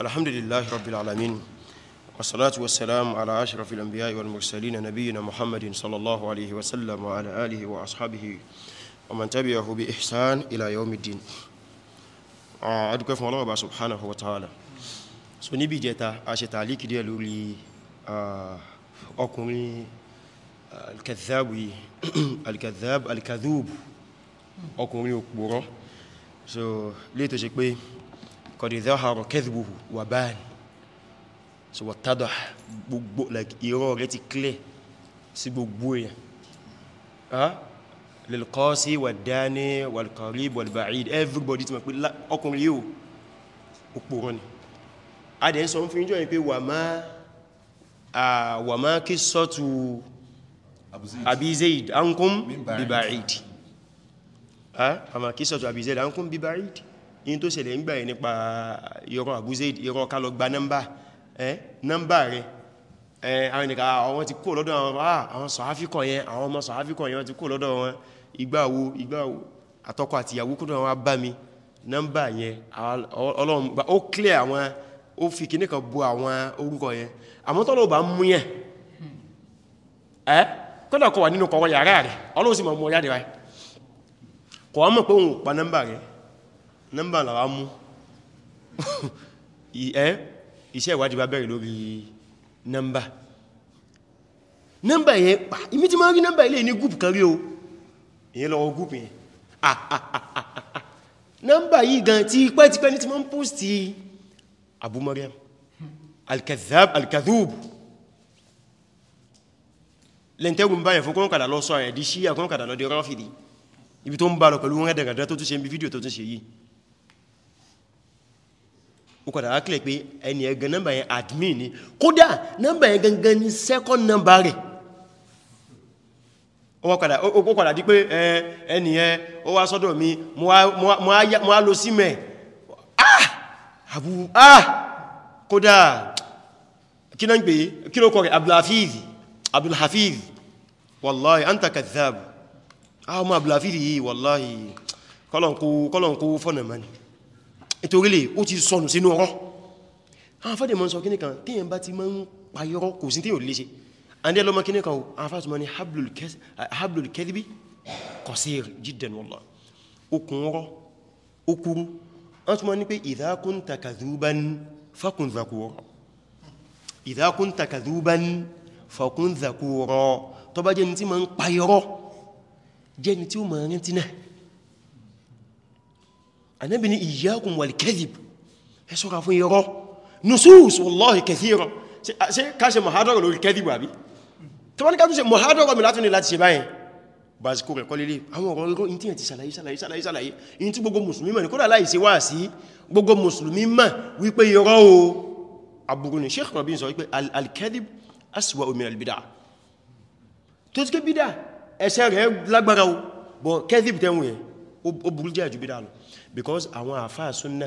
الحمد لله رب العالمين والصلاة والسلام على أشرف الأنبياء والمرسلين نبينا محمد صلى الله عليه وسلم وعلى آله وأصحابه ومن تبعه بإحسان إلى يوم الدين أدوك فم الله سبحانه وتعالى سوني níbi ìjẹta a ṣe tààlíkì díẹ̀ lórí الكذاب alkazaabu yìí alkazaabu alkazaabu ọkùnrin òpòrọ́ so قد ظهر كذبه وبان so واتضح gbogbo like irọ́ rẹ̀ ti clear sí gbogbo èèyàn ah lilqasi wadani walqarib walba'id everybody ti mọ̀ pé ọkùnrin yìí òpòrọ́ ni a dẹ̀ ń sọ fún ìjọ́ yìí pé wà máa wà kí sọ́tù Abi Zaid biba'id ah wà máa kí sọ́tù biba'id in to ṣẹlẹ̀ ń gbà ẹ̀ nípa ìrọ̀ Abu Zaid ìrọ̀ lọ gba nọ́mbà awon nọ́mbà rẹ̀ ẹ́ àwọn ènìyàn awon ti kó lọ́dọ̀ àwọn ah, sọ̀háfíkọ̀ yẹn àwọn ti kó lọ́dọ̀ wọn ìgbàwo ìgbàwo àtọkọ àti ìyàwó kúrò mi clear fi kan ọ nọ́mbà lára mú ẹ́ iṣẹ́ ìwádìí bá bẹ̀rẹ̀ lórí nọ́mbà nọ́mbà yẹn pà imi tí máa rí nọ́mbà ilé ní gúùpù kan rí o èyàn lọ gúùpù yẹn nọ́mbà yìí gan ti pẹ́ ti pẹ́ ní ti máa ń pòstì Abu Maryam al-kadhab al-kadhub lẹ́ntẹ́gùn báyẹ̀ fún kọ́nkàdà lọ sọ àyẹ̀dí sí àkọ́nkàdà lọ di rọ́fìdì ibi tó ń bá lọ pẹ̀lú rẹ́dẹ̀rẹ̀dẹ̀ tó tún ṣe ń fídíò tó tún ṣe yìí o ó kọ̀dà rákílẹ̀ pé ẹni ẹgan nọ́mbà yẹn admin ni kódà nọ́mbà yẹn gangan ni second o rẹ̀ ó kọ̀dà dí pé ẹni ẹ ó wá sọ́dọ̀ mi mo á lo símẹ̀ ah, ah! kódà kí náà ń pè kí ló kọ̀ rẹ̀ abdulhafiz abdulhafiz wallahi anta kadhab ah ọmọ abdulhafiz yìí wallahi kọ́lọ̀nkú fọ́nà mani ìtorílẹ̀ ó ti sọnù sínú ọ̀rọ̀ àwọn fẹ́dẹ̀ mọ́ sọ kí nìkan tí yẹn bá ti mọ́ ń payọ́rọ́ kò sí tí yóò lè ṣe andẹ́ lọ́mọ kí nìkan àwọn fásitì mọ́ ní hablul kadhibi qasir jiddan wallah okùn ọ̀rọ̀ okuru wọ́n tún mọ́ ní pé idha kunta kadhuban fakun dhakura idha kunta kadhuban fakun dhakura tó bá jẹ́ni tí mọ́ ń payọ́rọ́ jẹ́ni tí ó mọ̀ rántí náà anábi ni iyyakum wal kadhib ẹ ṣọ́ra fún irọ́ nusus wallahi kathira ṣe káṣe mọ̀hádọ́rọ̀ lórí kadhib àbí tó wọ́n ni káṣe mọ̀hádọ́rọ̀ mi látún ní láti ṣe báyìí básíkò rẹ̀ kọlílé àwọn ọ̀rọ̀ irọ́ in tí ẹ̀ ti sàlàyé sàlàyé sàlàyé sàlàyé in tí gbogbo mùsùlùmí mọ̀ ní kódà láì ṣe wá sí gbogbo mùsùlùmí mọ̀ wípé irọ́ o aburú ni Sheikh Rabin sọ wípé al-kadhib aswa'u min al-bid'a tó ti ké bídà ẹ̀ṣẹ̀ rẹ̀ lágbára o bọ̀ kadhib tẹ́wọ̀n yẹn ó burú jẹ́ àjú bídà lọ because àwọn àfáà súnnà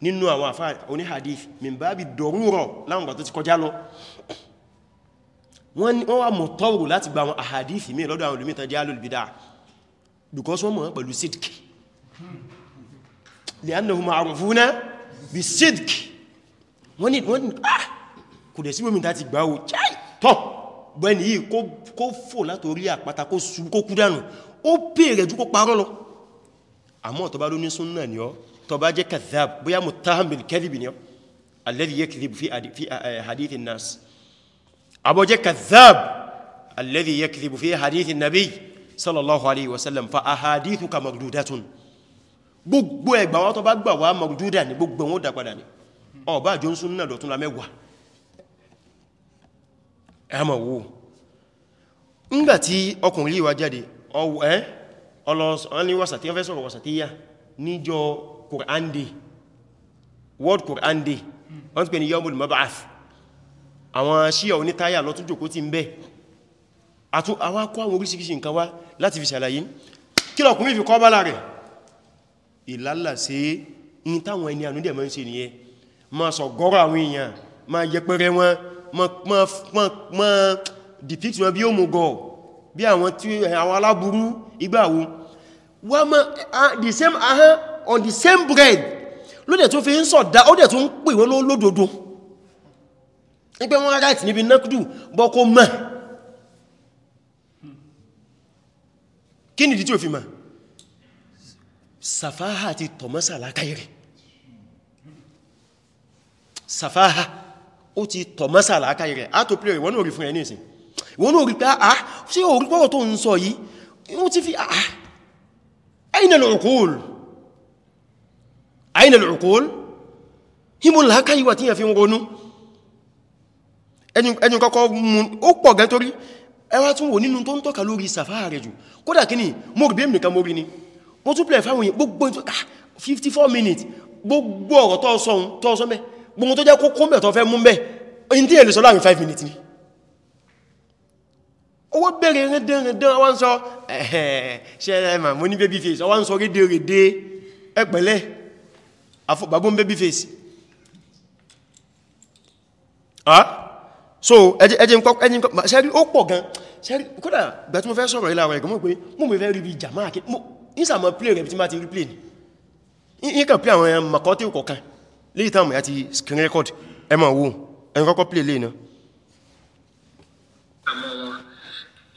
nínú àwọn àfáà oní hadith min bábi dọ̀rúrọ̀ láwọn gbà tó ti kọjá lọ wọ́n wá mọ̀ tọ́rù láti gba àwọn àhadith mí lọ́dọ̀ àwọn olùmítà jẹ́ alùlùbídà because wọ́n mọ̀ pẹ̀lú sidq li'annahum ma'rufuna bi sidq wọ́n ni wọ́n ah, kò dẹ̀ síbòmí láti gbà ó chai tọ́ bẹ́ni yìí kó fò látorí àpáta kó kú dànù ó pè rẹ̀ jú kó parọ́ lọ àmọ́ tó bá ló ní súnnà ni ọ́ tó bá jẹ́ kadhab bóyá muttaham bil kadhib ni ọ́ alladhi yakdhibu fi eh, eh, hadithi nas abọ́ jẹ́ kadhab alladhi yakdhibu fi hadithi nabi sallallahu alaihi wasallam fa ahadithu ka magdudatun gbogbo ẹgbà wọn tó bá gbà wá magduda ni gbogbo wọn dápadà ni ọba àjọ ń súnnà dọ̀tún la mẹ́wàá ẹmọ̀ wo ngbàtí ọkùnrin yíwa jáde ọwọ́ ẹ́ ọlọ́sàn ní wàsàtí wọ́n fẹ́ sọ̀rọ̀ wàsàtíyà níjọ Quran Day World Quran Day wọ́n ti pè ní yawmul mab'ath àwọn ṣíyà onítáyà lọ́tún jòkó ti ń bẹ́ àwọn akọ́ àwọn oríṣiríṣi nǹkan wá láti fi ṣàlàyé kí lọ́kùnrin fi kọ́ bá láàrẹ̀ ìlàlà sí in táwọn ẹni ànúdẹ̀ mọ́ ń ṣe ma ma ma depict wọn bí bí àwọn tí eh, àwọn aláburú ìgbàwo wọ́n the same ahán on the same bread ló dẹ̀ tó fi ń sọ̀dá ó dẹ̀ tó ń pè wọ́n lódodo nígbẹ́ wọ́n right níbi nákùdù bọ́ kó mọ́ kí nìdí tí ò fi mọ́ sàfáhà ti tọ̀mọ́sà lákàírẹ̀ sàfáhà ó ti tọ̀mọ́sà lákàírẹ̀ á tó pílẹ̀ ìwọ́n náà rí fún ẹ̀ ní ìsìn ìwọ́n náà rí pé àá ah, ah, ṣé òun pọ́wọ̀ tó ń sọ yìí wọ́n ti fi àà ah, aina ah, al-uqul aina al-uqul himo láàká ìwà tí yà fi ń ronú ẹni kọ́kọ́ ó pọ̀ gẹ́ ẹwà tún wò nínú tó ń tọ́ka lórí sàfáà rẹ̀ jù kódà kí ni mọ́rì bí nìkan mọ́rì ni mo tún plẹ̀ fáwọn yìí gbogbo 54 ah, minutes gbogbo ọ̀rọ̀ tọ́ọ̀sọ́ mẹ́ gbogbo tó jẹ́ kókó mẹ́ tọ́ fẹ́ mú mẹ́ in tí èlùsọ́ láàrin 5 minutes ni owó bẹ̀rẹ̀ rẹ̀dẹ̀rẹ̀dẹ̀ wọ́n sọ ẹ̀hẹ̀n eh, ṣẹ́lẹ̀mà mo ní baby face wọ́n sọ rédé rédé ẹ̀pẹ̀lẹ́ e àfọ̀bàbọ́n baby face ah so ẹjẹ́ ìpọ̀ ṣẹ́rí ó pọ̀ gan ṣẹ́rí kódà gbà tí mo fẹ́ sọ̀rọ̀ ìlàwọ̀ ẹ̀gọ́mọ̀ pé mo mẹ́ fẹ́ rí bí jàmá àkí ìsàmọ̀ play rẹ̀ tí ma ti rí play ní ìkàn pé àwọn ẹ̀mọ̀kọ́ eh, tí ó kọ̀kan léyìí tàmù àti screen record ẹmọ̀ wo ẹ̀yìn kọ́kọ́ play lè náà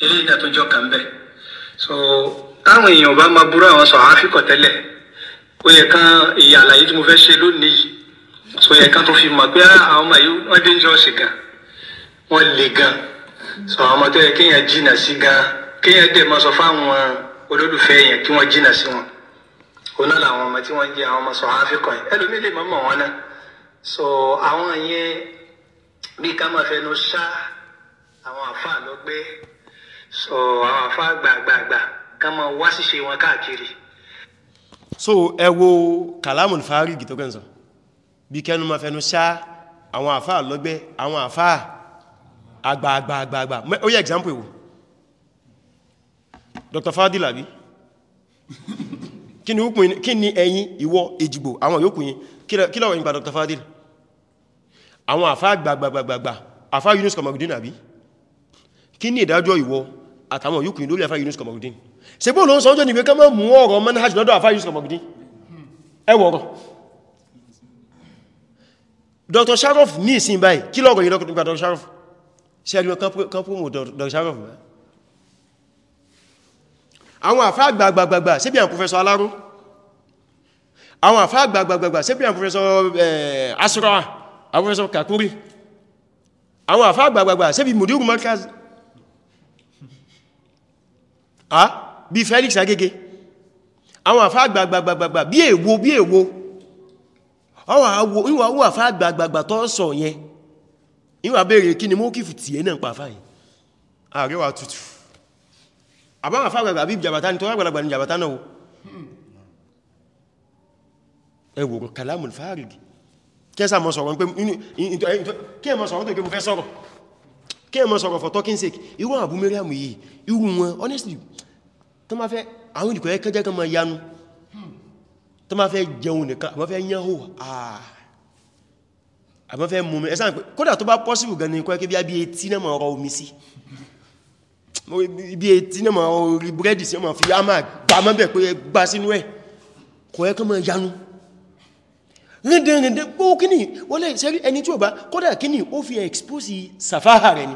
eléyìí náà tó jọ kàn bẹ́ẹ̀ so táwọn èèyàn bá máa burú àwọn sọ àáfíkọ̀ tẹ́lẹ̀ ó yẹ kán ìyá àlàyé tí mo fẹ́ ṣe lónìí yìí so yẹ kán tó fi mọ̀ pé ah, àwọn ọmọ yìí wọ́n dé ń jọ ṣe gan wọ́n le gan so àwọn ọmọ tó yẹ kéèyàn jìnnà sí gan kéèyàn dẹ̀ máa sọ fáwọn olólùfẹ́ yẹn kí wọ́n jìnnà sí wọn òun náà làwọn ọmọ tí wọ́n jẹ́ àwọn ọmọ sọ àáfíkọ̀ yẹn ẹlòmíì lè mọ̀ wọn náà so àwọn yẹn bí ká máa fẹnu ṣá àwọn àfa lọ so àwọn àfa gbàgbàgbà ká máa wá ṣíṣe wọn káàkiri. so ẹ wo kalamun farigi tó kẹ́ńsọ̀ bí kẹnu ma fẹnu ṣá àwọn àfa lọ́gbẹ́ àwọn àfa àgbààgbààgbà ó yẹ example ìwò Dr. Fadila bí kí ni ẹ̀yin ìwọ èjìgbò àwọn yòókù yín kí lọ́wọ́ ìgbà Dr. Fadil àwọn àfá gbàgbàgbàgbà àfá Yunus Kamagudin àbí kí ni ìdájọ́ ìwọ àtàwọn yóò kùn lórí àfá Yunus Kamorudin ṣe bóò ló ń sọ́jọ́ nìwé kọ́mọ́ mú ọ̀rọ̀ manhaj lọ́dọ̀ àfá Yunus Kamorudin ẹwọ̀rọ̀ Dr. Sharof ní ìsìn báyìí kí lọ́rọ̀ yìí lọ́kùn Dr. Sharof ṣe àríwá kan promo Dr. Sharof àwọn àfá àgbàgbàgbà ṣe bí àwọn Professor Alaro àwọn àfá àgbàgbàgbà ṣe bí àwọn Professor eh, Asra àwọn Professor Kakuri àwọn àfá àgbàgbàgbà ṣe bí Mudiru Markaz ah bí Felix Agége àwọn àfá àgbàgbàgbàgbà bí èwo bí èwo ọwà àwọ ìwà owó àfá àgbàgbàgbà tó sọ yẹn ìwà bèèrè kí ni mú kí fìtì ẹ̀ náà pàfà yìí àríwá tutù àbáwọn àfá àgbàgbà bí jàbátá ni tó rágbàlagbà ni jàbátá náà ẹwòrán kalamun fáàrìgì kẹsà mọ́ sọ̀rọ̀ pé kí ẹ mọ́ sọ̀rọ̀ tó ìgbé mo fẹ́ sọ̀rọ̀ kí ẹmọ sọ̀rọ̀ for talking sake irú àbú mẹ́rìàmù yìí irú wọn honestly tó máa fẹ́ àwọn ìdìkọ̀ ẹ́kẹ́ jẹ́ kan máa yanu tó máa fẹ́ jẹun nìkan àwọn fẹ́ yánhò ah, àwọn fẹ́ mú mi ẹ̀sán pé kódà tó bá pọ́sìlù gan ní kọ́ẹ́kẹ́ bí i etí náà máa rọ omi sí bí etí náà máa rí búrẹ́dì sí ọmọ fi á máa gbà mọ́ bẹ̀ pé gbà sínú ẹ̀ kọ́ẹ́kẹ́ máa yanu rẹ̀dẹ̀rẹ̀dẹ̀ pé ó kíní wọ́n lẹ́ ẹni tí ó bá kódà kíní ó fi expose sàfáhà rẹ̀ ni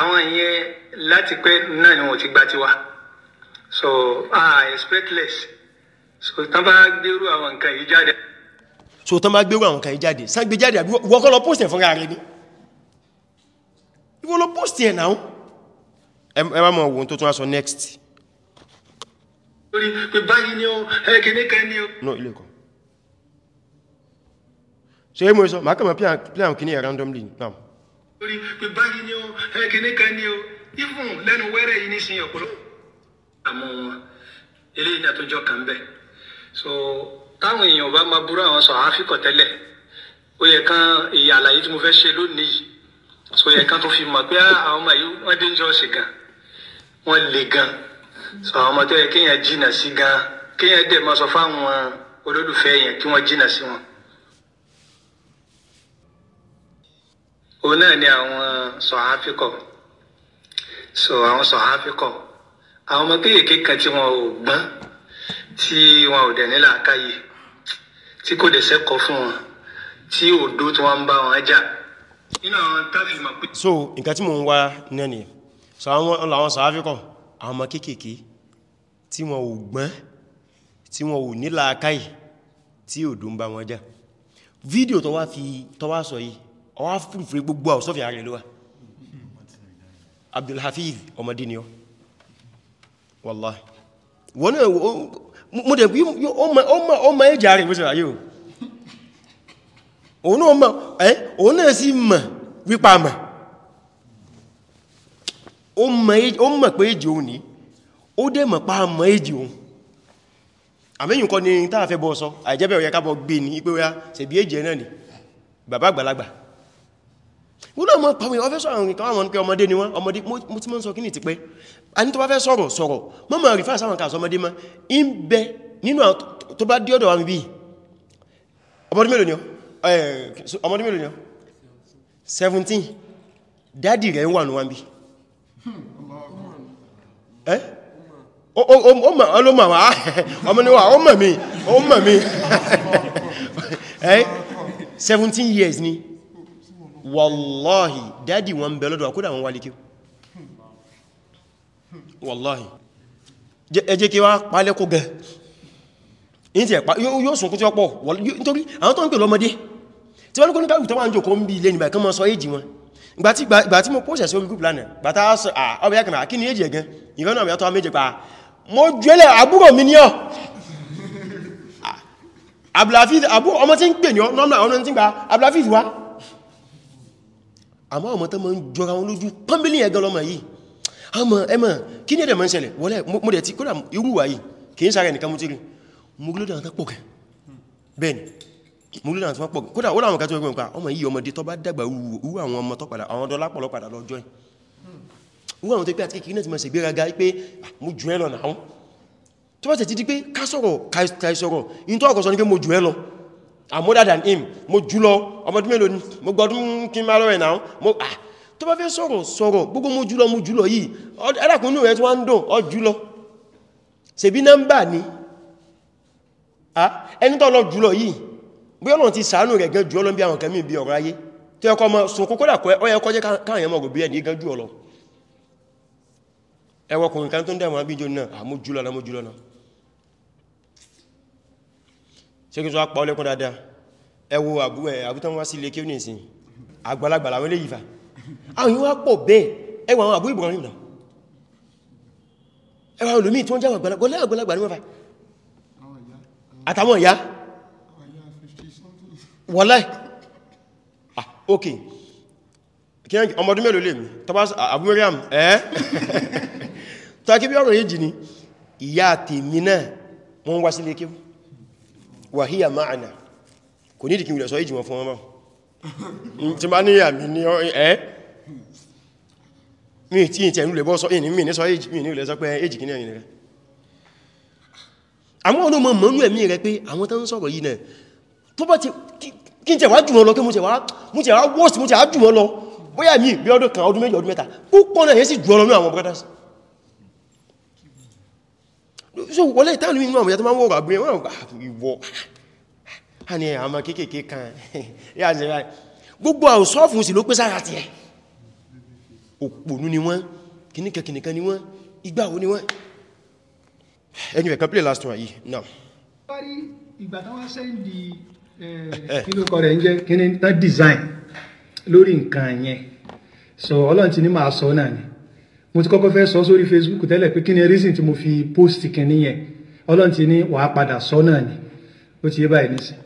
àwọn yẹn láti pẹ́ náà ni wọ́n ti gba tiwa so ah expectless so tán bá gbérú àwọn nǹkan yìí jáde. so tán bá gbérú àwọn nǹkan yìí jáde sán gbé jáde àbí wọ́n kọ́ lọ post ẹ̀ fúnra rẹ ni ìwọ lọ post ẹ̀ náà ẹ bá mọ̀ ohun tó tún wá sọ next. lórí pé báyìí ni ó ẹ kìíní kan ni ó. no ilé kan ṣe é mú ẹ sọ màá kàn mọ́ plan kìíní ẹ̀ randomly náà lórí pé báyìí ni ó kíní kan ni ó ifun lẹ́nu wẹ́rẹ́ yìí nísìnyí ọ̀pọ̀lọpọ̀. àmọ́ wọn eléyìí ni àtúnjọ kan bẹ́ẹ̀ so táwọn èèyàn bá máa burú àwọn sọ àáfíkọ tẹ́lẹ̀ ó yẹ kán ìyá àlàyé tí mo fẹ́ ṣe lónìí yìí so yẹ kán tó fi mọ̀ pé ah, àwọn ọmọ yìí wọ́n dé ń jọ ṣe gan wọ́n le gan so àwọn ọmọ tó yẹ kéèyàn jìnnà sí gan kéèyàn dẹ̀ máa sọ fáwọn olólùfẹ́ yẹn kí wọ́n jìnnà sí wọn. òun náà ni àwọn sọ̀háfíkọ̀ so àwọn sọ̀háfíkọ̀ àwọn ọmọ kéèké kan tí wọn ò gbọ́n tí wọn ò dẹ̀ ní làákàyè tí kò dẹ̀ sẹ́kọ̀ọ́ fún wọn tí òdo tí wọ́n ń bá wọn jà nínú àwọn táfì mọ̀ pé. so nǹkan tí mò ń wá náà ni so àwọn làwọn sọ̀háfíkọ̀ àwọn ọmọ kéèké tí wọn ò gbọ́n tí wọn ò ní làákàyè tí òdo ń bá wọn jà fídíò tó wá fi tó wá sọ yìí ọwọ́n fúrufú gbogbo àwọsọ́fì ààrẹ lówà Abdulhafiz ọmọdé ni ọ wallahi wọ́n náà mo dẹ̀ pé ọmọ ẹjà rẹ̀ bó ṣe ráyé o òun náà sí mọ̀ wípa mọ̀ ó mọ̀ pé èjì òun ní ó dẹ̀ mọ̀ pa mọ̀ èjì òun àmẹ́yìn kọ́ ni tàà fẹ́ bọ́ sọ àìjẹ́bẹ̀ ó yẹ ká bọ́ gbé ní ipé wá ṣe bí èjì ẹ̀ náà ni bàbá àgbàlagbà wọ́n náà mọ́ pàwọn ìwọ́fẹ́ sọ̀rọ̀ nìkan àwọn pé ọmọdé ni wọ́n ọmọdé mo ti mọ́ sọ kí ní ti pẹ́ a ní tó bá fẹ́ sọ̀rọ̀ sọ̀rọ̀ mọ́ mọ́ rí fásáwọn kà sọmọdé ma ń bẹ nínú tó bá díọ̀dọ̀ wa bí ọmọdé mélòó ni ọmọdé mélòó ni 17 dádì rẹ̀ ń wà ní wọn bí 17 years ni wallahi Daddy, wọn bẹ lọ́dọ̀ akúdà wọn wà líkí wallahi ẹjẹ́ kí wá pálẹ́ kó gẹ in ti ẹ̀pá yóò sùn kú tí ó pọ̀ nítorí àwọn tó ń pè lọ́mọdé tí wọ́n ní kó ní káàkù tó wá ń jòkó ń bí ilé nígbà kan mọ́ sọ èjì wọn ìgbà tí mo pọ́sẹ̀ sí orí group lánàá gbà tá sọ ọbẹ̀ yàkànà kí ni èjì ẹ̀gẹ́ ìfẹ́ náà mẹ́tọ́ méje pa mo jẹ́lẹ̀ àbúrò mi ní ọ́ ah, abúláfíìsì ọmọ tí ń pè ní ọ́ nọ́nà ọ̀nà tí gba abúláfíìsì wá àmọ́ ọmọ tó máa ń jọra wọn lójú pọ́nbílì ẹ̀gán lọ́mọ yìí àmọ́ ẹmọ́ kí ní ẹ̀dẹ̀ máa ń ṣẹlẹ̀ wọlé mo dẹ̀ ti kódà irúwà yìí kì í sára ẹnìkan mú tíri mú gúlódà àwọn tọ́pọ̀ kẹ bẹ́ẹ̀ni mú gúlódà àwọn tọ́pọ̀ kódà ó láwọn kàtí ọgbọ̀n ọmọ yìí ọmọdé tó bá dàgbà wú àwọn ọmọ tó padà àwọn dọ́là pọ̀lọ́ padà lọ́jọ́ wú àwọn tó pé àti kékeré náà ti máa ṣègbéraga pé mo jù ẹ lọ náà tó bá tẹ̀ ti di pé ká sọ̀rọ̀ ká sọ̀rọ̀ in tó ọkọ̀ sọ i'm more than him mo jùlọ ọmọdún mélòó ni mo gbọdún kí n máa lọ́rẹ̀ náà mo ah tó bá fẹ́ sọ̀rọ̀ sọ̀rọ̀ gbogbo mo jùlọ mo jùlọ yìí ẹ́dàkùnú rẹ̀ tí wọ́n ń dùn ọ jùlọ ṣebí nọ́mbà ni ah, ẹni tó lọ jùlọ yìí bí ọ̀nà ti sàánù rẹ̀ gan jùlọ bí àwọn kẹmí bí ọ̀rọ̀ ayé tó ẹkọ ọmọ sunkún kódà ọyẹ kọjẹ́ káàyàn mọ̀ bí ẹni gan jùlọ ẹwọkùnrin kan tó ń dẹ̀wọ̀n abíjọ náà àmójúlọ ah, náà mójúlọ náà ṣe kí tó wá pa ọlẹ́kùn dáadáa ẹ wo àbútán wá sí ilé kíò nìsìn àgbàlagbà làwọn ilé ìfà àwọn yíwá pọ̀ bẹ́ẹ̀ ẹ wọ àwọn àbú Ibrahim náà ẹ wọ olùmí tó ń jáwà ìyá wọ́láì ah, mi tọ́bá àbú Miriam ẹ́ tọ́kí bí ọ̀rọ̀ yìí jì ní ìyá tèmi náà wọ́n wá sí ilé kíò wà híyà máàna kò ní ìdíkí ìlẹ̀sọ ìjìnwọ̀n fún ọmọ tí bá ní àmì ní ẹ́ mi tí ìtẹ̀ ìlú lẹ́bọ́ sọ ìní mi ní sọ ìlẹ̀sọ pé èjì kí ní ẹ̀yìn rẹ̀ àwọn ọ̀nà mọ̀mọ̀nú ẹ̀mí rẹ̀ pé àwọn tó ń sọ̀rọ̀ yìí nẹ̀ tó bá ti kí n tẹ̀ wá jù wọn lọ kí mo tẹ̀ wá wọ́ọ̀sì so wọlé ìtàlù inú àwọn ìyàtọ̀ máa ń wọ́rọ̀ àbúrẹ́ wọ́n ah, ìwọ̀ a ní àmà kéèkéé kan yà ní ráì gbogbo àwọ̀sọ́fù sí ló pé sára ti ẹ̀ òpònú ni wọ́n kìníkẹ̀kìníkan ni wọ́n ìgbàwo ni wọ́n anyway kan play last one yìí now ìgbà táwọn sẹ́ndì eh, kílùkọ rẹ̀ ń jẹ́ kíní tán design lórí nǹkan yẹn so ọlọ́run ti ní máa sọ náà ni mo ti kọ́kọ́ fẹ́ sọ sórí facebook tẹ́lẹ̀ pé kí ni reason tí mo fi post kìíní yẹn ọlọ́run ti ní wàá padà sọ náà ni ó ti yé báyìí nísìn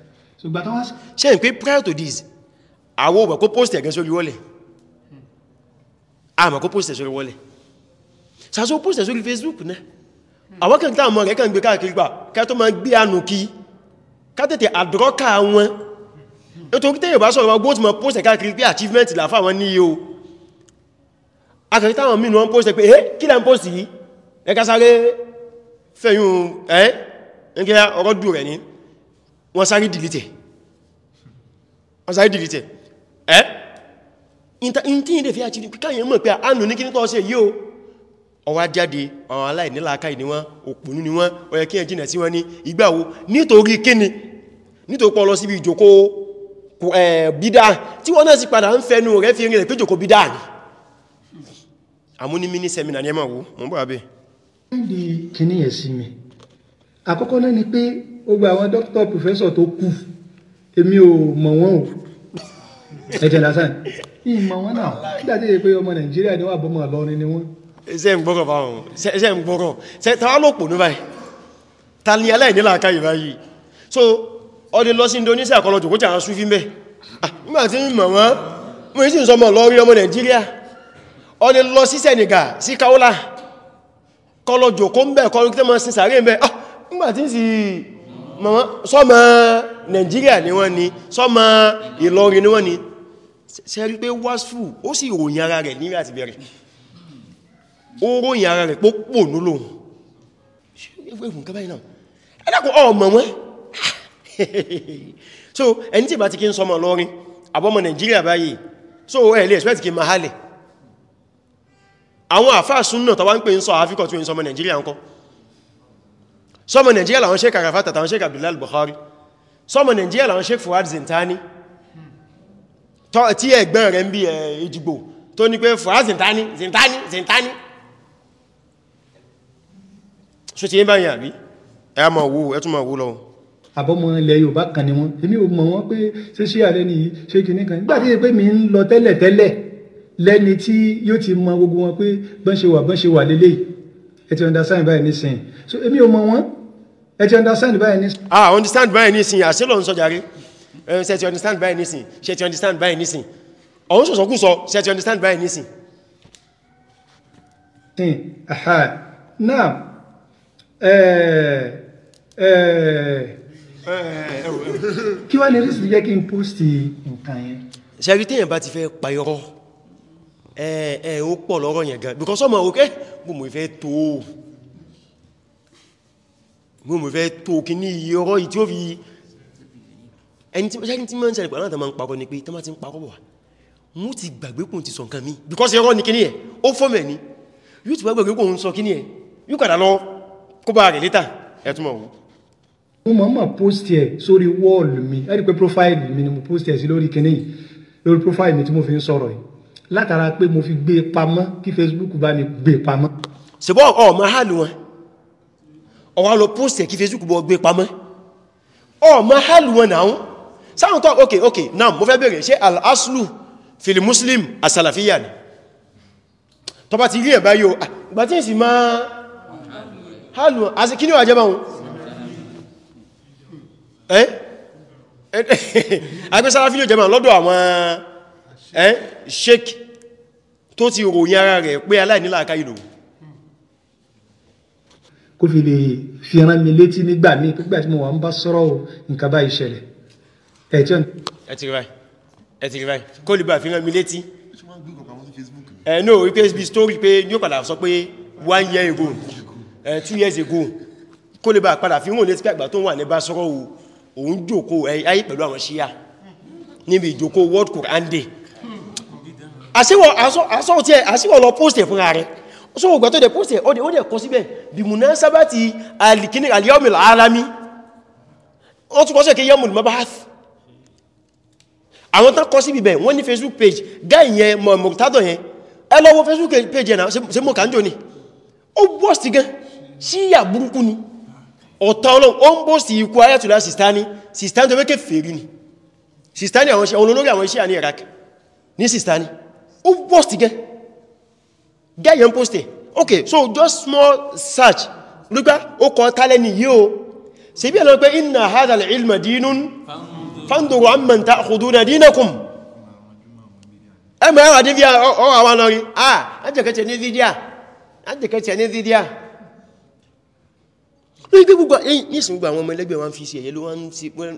so gbàtọ́ wá ṣe ìpé prior to this àwọ̀ ògbà kó post ẹ̀gẹ́ sórí wọ́lẹ̀ àmà kó post ẹ̀ sórí wọ́lẹ̀ sàṣọ́ post ẹ̀ sórí facebook náà àwọn kẹta àmọ́ rẹ̀ kàn gbé káàkiri gbà ká tó máa gbé ànù kí ká tètè àdúrọ́kà wọn nítorí tẹ́yẹ̀ bá sọ̀rọ̀ wọn gbóòtù mọ́ post ẹ̀ káàkiri pé achievement làfà wọn níye o akẹ̀kẹ́ táwọn mínú wọn pósẹ̀ pé eh kí lẹ́ ń pósì yìí ẹka sáré fẹ́yún ẹ́ ní ọ̀rọ̀ dùn rẹ̀ ní wọ́n sáré dìlítẹ̀ wọ́n sáré dìlítẹ̀ ẹ́ ìntí ìdẹ̀ fi àti kíkàyẹ̀ mọ̀ pé àánú ní kíní tọ́ọ̀sẹ̀ yìí ó wá jáde àwọn aláìníláàkáì ni wọ́n òpùnú ni wọ́n ó yẹ kí ẹ jìnà sí wọn ní ìgbàwo nítorí kíni nítorí pọ̀ lọ síbi ìjòkó bídá tí wọ́n àmúni mini seminar ní ẹmọ̀ wo mọ́ bá bẹ́ ìdí kìíní yẹ̀ sí mi àkọ́kọ́ náà ni pé ó gba àwọn dókítà pòfẹ́sọ̀ tó kù èmi ò mọ̀ wọ́n o ẹ̀jẹ̀ lásán yìí mọ̀ wọ́n náà kíláàdé pé ọmọ nàìjíríà ni wà bọ́mọ̀ lọ́rin ni wọ́n ṣe ń gbọ́rọ̀ bá ṣe ń gbọ́rọ̀ ṣe tàwà lò pònú báyìí ta ní aláìní làákàyè báyìí so ọdí lọ sí Indonesia kọlọ̀jù kó jà ń súfí mẹ́ ah, nígbà tí mọ̀ wọ́n mú sí ìsọmọ̀ lọ́rí ọmọ nàìjíríà o lè lọ sí Senegal sí Kaola kọlọjò kó ń bẹ̀ kọlu kí tẹ́ mọ́ sí sàárè mẹ́ ah nígbàtí sí sọ́mọ Nàìjíríà ni wọ́n ni sọ́mọ Ìlọrin ni wọ́n ni ṣe rí pé wáṣfù ó sì ròyìn ara rẹ̀ nílẹ̀ àti bẹ̀rẹ̀ ó ròyìn ara rẹ̀ pópò nílòun ẹ̀dàkùn ọmọ wọn so ẹni tí bá ti kí ń sọmọ lọ́rin àbọ́mọ Nàìjíríà báyìí so ẹ̀ lè expect kí ma hálẹ̀ àwọn àfáàsún náà tàwà ń pè ń sọ àfíkọ̀ tí wọ́n sọmọ Nàìjíríà ń kọ́ sọmọ Nàìjíríà làwọn Sheikh Arafat àtàwọn Sheikh Abdullahi Bukhari sọmọ Nàìjíríà làwọn Sheikh Fuad Zintani tí ẹgbẹ́ rẹ̀ ń bí eh, ìjìgbò tó ní pé Fuad Zintani Zintani Zintani so ti yé báyìí àbí ẹ mọ̀ wú ẹ tún mọ̀ wú lọ àbọ́mọ ilẹ̀ Yorùbá kan ni wọ́n èmi ò mọ̀ wọ́n pé lẹ́ni tí yóò ti mọ gbogbo wọn pé bọ́n ṣe wà bọ́n wà lélẹ́yìí ẹ ti understand báyìí nísìnyí so èmi ò mọ wọn ẹ ti understand báyìí nísìnyí. ah understand báyìí nísìnyí àṣẹ lọ ń sọ jàre ṣe understand báyìí nísìnyí ṣe ti understand báyìí nísìnyí ọ̀hún sọ̀sọ̀ kù understand báyìí nísìnyí. sin aha now kí wá ní rísì jẹ́ kí n post nǹkan yẹn. ṣe rí téèyàn ẹ̀ ó pọ̀ lọ́rọ̀ yẹn gan because ọmọ òkè gbogbo ìfẹ́ tó gbogbo ìfẹ́ tó kí ní iye ọ̀rọ̀ yìí tí ó fi ẹni tí mọ́ ń ṣẹlẹ̀ pẹ̀lú àtàmà ń parọ́ ni pé tọ́mà ti ń parọ́ wà mú ti gbàgbékùn ti sọ nǹkan mi because ẹ̀rọ ni kíní ẹ̀ ó fọ́mẹ̀ ni yóò ti wá gbàgbékùn sọ kíní ẹ̀ yóò kàdà lọ kó bá rẹ̀ létà ẹ̀túnmọ̀ wọ́n mo máa ma post ẹ̀ sórí wọ́ọ̀lù mi ẹ́rì pé profile mi ni mo post ẹ̀ sí lórí kíní lórí profile mi tí mo fi ń sọ̀rọ̀ yìí látara pé mo fi gbé e pamọ́ kí facebook bá mi gbé e pamọ́ ṣebọ́ ọmọ hálù wọn ọwá lọ pósẹ̀ kí facebook bọ́ gbé e pamọ́ ọmọ hálù wọn náà sáwọn tó ok ok now mo fẹ́ bèèrè ṣe al-aslu fil muslim asalafiya ni tó bá ti rí ẹ̀bá yóò gbà tí ìsì máa hálù wọn àti kí ní wà jẹ́ báwọn ẹ́ àgbẹ́sára fílò jẹ́ báwọn lọ́dọ̀ àwọn Eh, sheik tó ti ròyìn ara rẹ̀ pé aláìníláàká ìlò kó fi lè fi rán mi létí nígbà míì pígbà tí mo wà ń bá sọ̀rọ̀ nǹkan bá ìṣẹ̀lẹ̀ ẹ̀tí ọ̀nà kó lè bá padà fi ń wò létí pé àgbà tó wà ní bá sọ̀rọ̀ òun jòkó ẹ̀yí pẹ̀lú àwọn ṣíyà níbi ìjòkó world Quran Day àṣíwọ̀ lọ post ẹ̀ fún ààrẹ so ògbà tó dẹ̀ post ẹ̀ ó dẹ̀ kọ síbẹ̀ bí múná sábà ti alìkíní aliyomil alami ó tún kọ́sẹ̀ kí yamul mabath àwọn tán kọ́ sí bíbẹ̀ wọ́n ní facebook page gáì yẹn mọ̀mọ̀tádọ̀ yẹn ẹ lọ wo page yẹn se mọ̀ ni ó bọ́st gan síyà burúkú ni ọ̀tá ọlọ́run ó ń bọ́st ikú ayatollah sistani sistani ni sistani àwọn olórí àwọn iṣẹ́ ní sistani ó worst gẹ́ gẹ́yẹ̀ ń post it okay so just small search nígbà ó kọ tálẹ́ ní yíò sí bí ẹ̀lọ́pẹ́ inna hadha al-ilma dinun fanduru amman ta'khuduna dinakum ẹmọ ẹwà dìbíà ọwà wà lọ́rí ah ajẹ́kẹ́tẹ̀ ní dídíà ajẹ́kẹ́tẹ̀ ní dídíà lórí gbogbo ní ìsìn gbogbo àwọn ọmọ ẹlẹ́gbẹ̀ wọn fi sí ẹ̀yẹ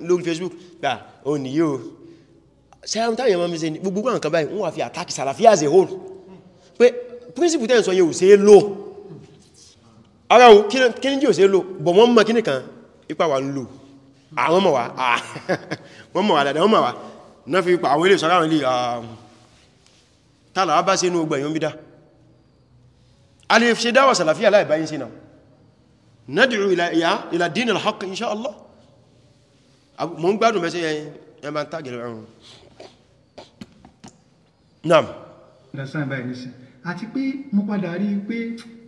lórí Facebook gbà ó nìyí o sẹ́yàn táyẹ̀ mọ́ mi se ní gbogbo nǹkan báyìí wọ́n wà fi àtàkì sàlàfíà as a whole pé príncipù tẹ́ sọ yẹ ò ṣeé lò ara o kí ní jí ò ṣeé lò bọ̀ wọ́n mọ̀ kíní kan ipa wà ń lò àwọn mọ̀ wà ah, wọ́n mọ̀ wà dáadáa wọ́n mọ̀ wà náà fi ipa àwọn ilé sọ́rọ̀ àwọn ilé ah, tààlà bá se inú ogbà èyàn bídá a lè ṣe dáwà sàlàfíà láì báyìí sí náà nad'u ila din al-haqq insha Allah mo ń gbádùn mẹ́sẹ̀ yẹn ẹ̀mà tàgẹ̀lẹ̀ Nam. understand báyìí nísìn àti pé mo padà rí i pé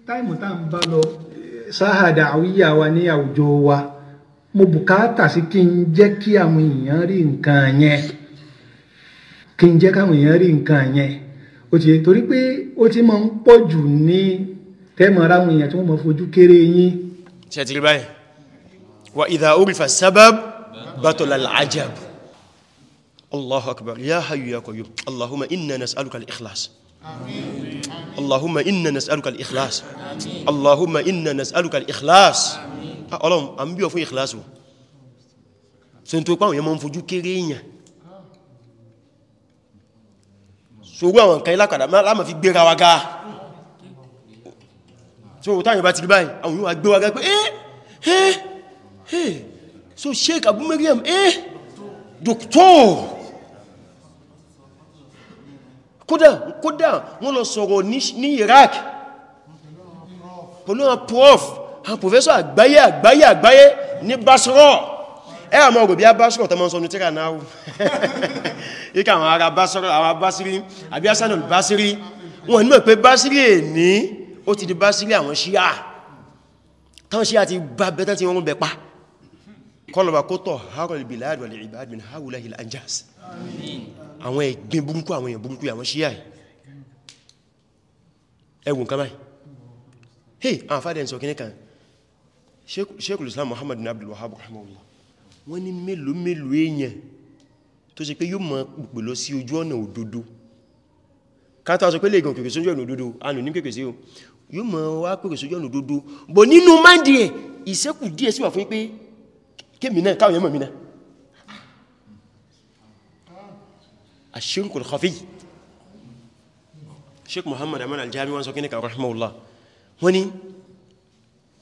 táìmù tá à ń bá lọ sáhàdà àwíyà wa ní àwùjọ wa mo bùkátà sí kí n jẹ́ kí àwọn èèyàn rí nǹkan yẹn kí n jẹ́ káwọn èèyàn rí nǹkan yẹn ó ti torí pé ó ti máa ń pọ̀ jù ní tẹ́mọ̀ ara àwọn èèyàn tí wọ́n máa fojú kéré yín. ṣe ti rí báyìí wa idha urifa sábàb batola al ajab. الله أكبر يا حي يا قيوم اللهم إنا نسألك الإخلاص آمين. اللهم إنا نسألك الإخلاص آمين. اللهم إنا نسألك الإخلاص اللهم أمبيو في إخلاصه سنتوكوان يمان فجو كيرينيا سوغوان كايلا كادا ما لما في بيرا وغا so o ta yin ba ti dubai awon yi wa gbe wa ga pe eh, eh eh so sheik abu maryam eh doctor kódà kódà wọ́n lọ sọ̀rọ̀ ní Iraq pẹ̀lú àwọn prof àwọn professor àgbáyé àgbáyé àgbáyé ní Basra ẹ àmọ́ ògbòbí a Basra tọmọ sọ nítírà náà ikẹ́ àwọn ará Basra àwọn Basiri àbí asanul Basiri wọ́n nímọ̀ pé Basiri èní ó ti di Basiri àwọn Shia táwọn Shia ti bá bẹ́tẹ́ ti wọ́n bẹ̀ pa kọlọ̀bà kó tọ̀ harald bilad wal ibad min haulahi al-anjas àwọn ẹgbin burúkú àwọn èèyàn burúkú àwọn ṣíyà ẹgbùn kan báyìí hey àwọn fàdẹ̀ ìsọ̀ kìnnì kan sheikul islam muhammad bin abdul wahhab rahimahullah wọ́n ní mélòó mélòó èèyàn tó ṣe pé yóò mọ̀ pè lọ sí ojú ọ̀nà òdodo káàtà sọ pé lè gan kèkè sójú ọ̀nà òdodo a nù ní kèkè sí o yóò mọ̀ wá pèkè sójú ọ̀nà òdodo bọ̀ nínú mándìẹ̀ ìṣẹ́kù díẹ̀ sí wà fún pé kémi náà káwọn yẹmọ̀ mi náà ashirkul khafi sheik muhammad aman aljami wọn sọ kí ní kan rahimahullah wọ́n ni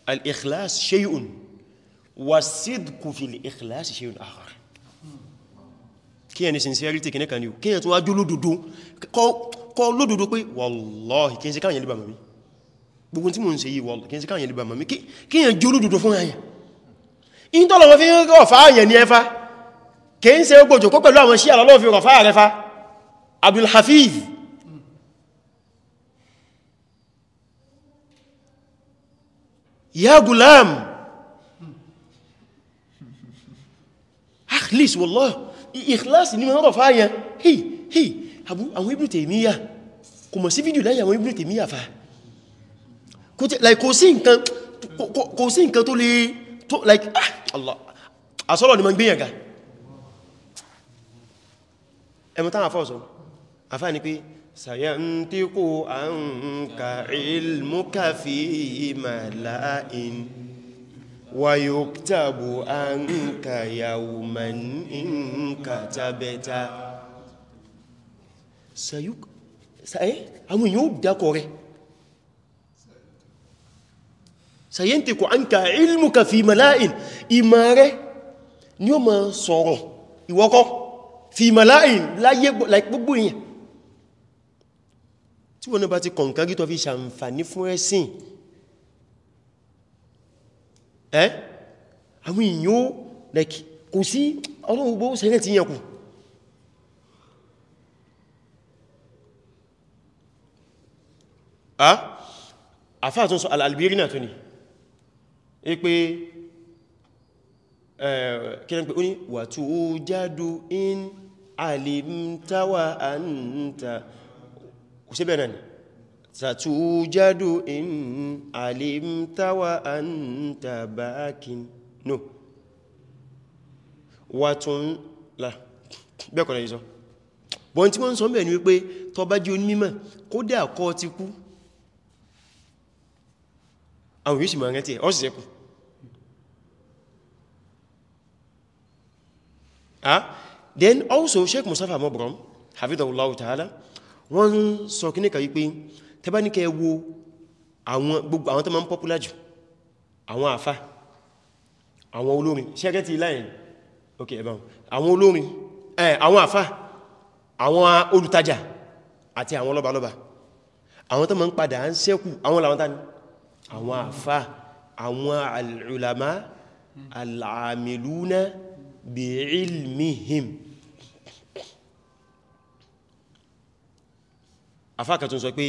al-ikhlas shay'un wasidku fil ikhlas shay'un akhar kí ẹni sincerity kí ní kan ní kí ẹ̀ tó wájú lódòdó kọ lódòdó pé wallahi kí n sí káwọn yẹn lè bà mọ̀ mi sí káwọn yẹn in tó lọ́wọ́ fi ń rọ̀ fáyẹ̀ ní ẹfá kì í ṣe gbòjò kó pẹ̀lú àwọn sí àlọ́lọ́ fi rọ̀ fáyẹ̀ rẹfá Abdulhafiz ya gulam akhlis ah, wallah ikhlas ni mọ́ rọ̀ fáyẹ̀ hì hì àwọn Ibn Taymiyyah kò mọ̀ sí fídíò láyé àwọn Ibn Taymiyyah fa kò sí nǹkan tó lè like ah Allah asọ́lọ̀ ni ma ń gbìyànga ẹmọ táwọn afọ́sọ́ afá ni pé sayantiku anka ilmuka fi mala'in wa yuktabu anka yawman inka tabata sayuk saye eh? àwọn yóò dákọ̀ rẹ̀ sàyẹ́ntìkù anka ilmuka fi mala'in ìmọ̀ rẹ̀ ni ó ma sọ̀rọ̀ ìwọ́kọ́ fi mala'in láyé gbogbo èèyàn tí wọ́n bá ti kọ̀nkárí tó fi ṣàǹfàní fún ẹ̀sìn ẹ́ àwọn èèyàn ó kò sí ọlọ́run sẹ́rẹ̀ ti yẹn ah, àfáà tún sọ al tó ni pé kílẹ̀ pé ó ó jádó in alimtawa anta kò sí bẹ̀rẹ̀ ni sàtò ó jádó in alimtawa anta bákin no wà tó ń là bẹ́ẹ̀kọ̀lẹ̀ ìsọ́ bọ́n tí wọ́n ń sọ mẹ́rin wípé tó bá jẹ́ onímọ̀ kódà kò ti kú àwọn yóò sì mọ̀ rántí ọ́ sì sẹ́kù ah then also Sheikh Mustafa Mobram hafidhahullahu ta'ala wọ́n sọ kíní kàwí pé tẹbá ní kẹ wo àwọn gbogbo àwọn tó ma ń popular jù àwọn àfá àwọn olórin ṣẹ́gẹ́ ti láyìn ok ẹ̀bọ̀n àwọn olórin ẹ̀ àwọn àfá àwọn olùtajà àti àwọn lọ́balọ́ba àwọn tó ma ń padà ń sẹ́kù àwọn làwọn tani àwọn àfá àwọn al-ulama al-amiluna bi'ilmihim afákàtún sọ pé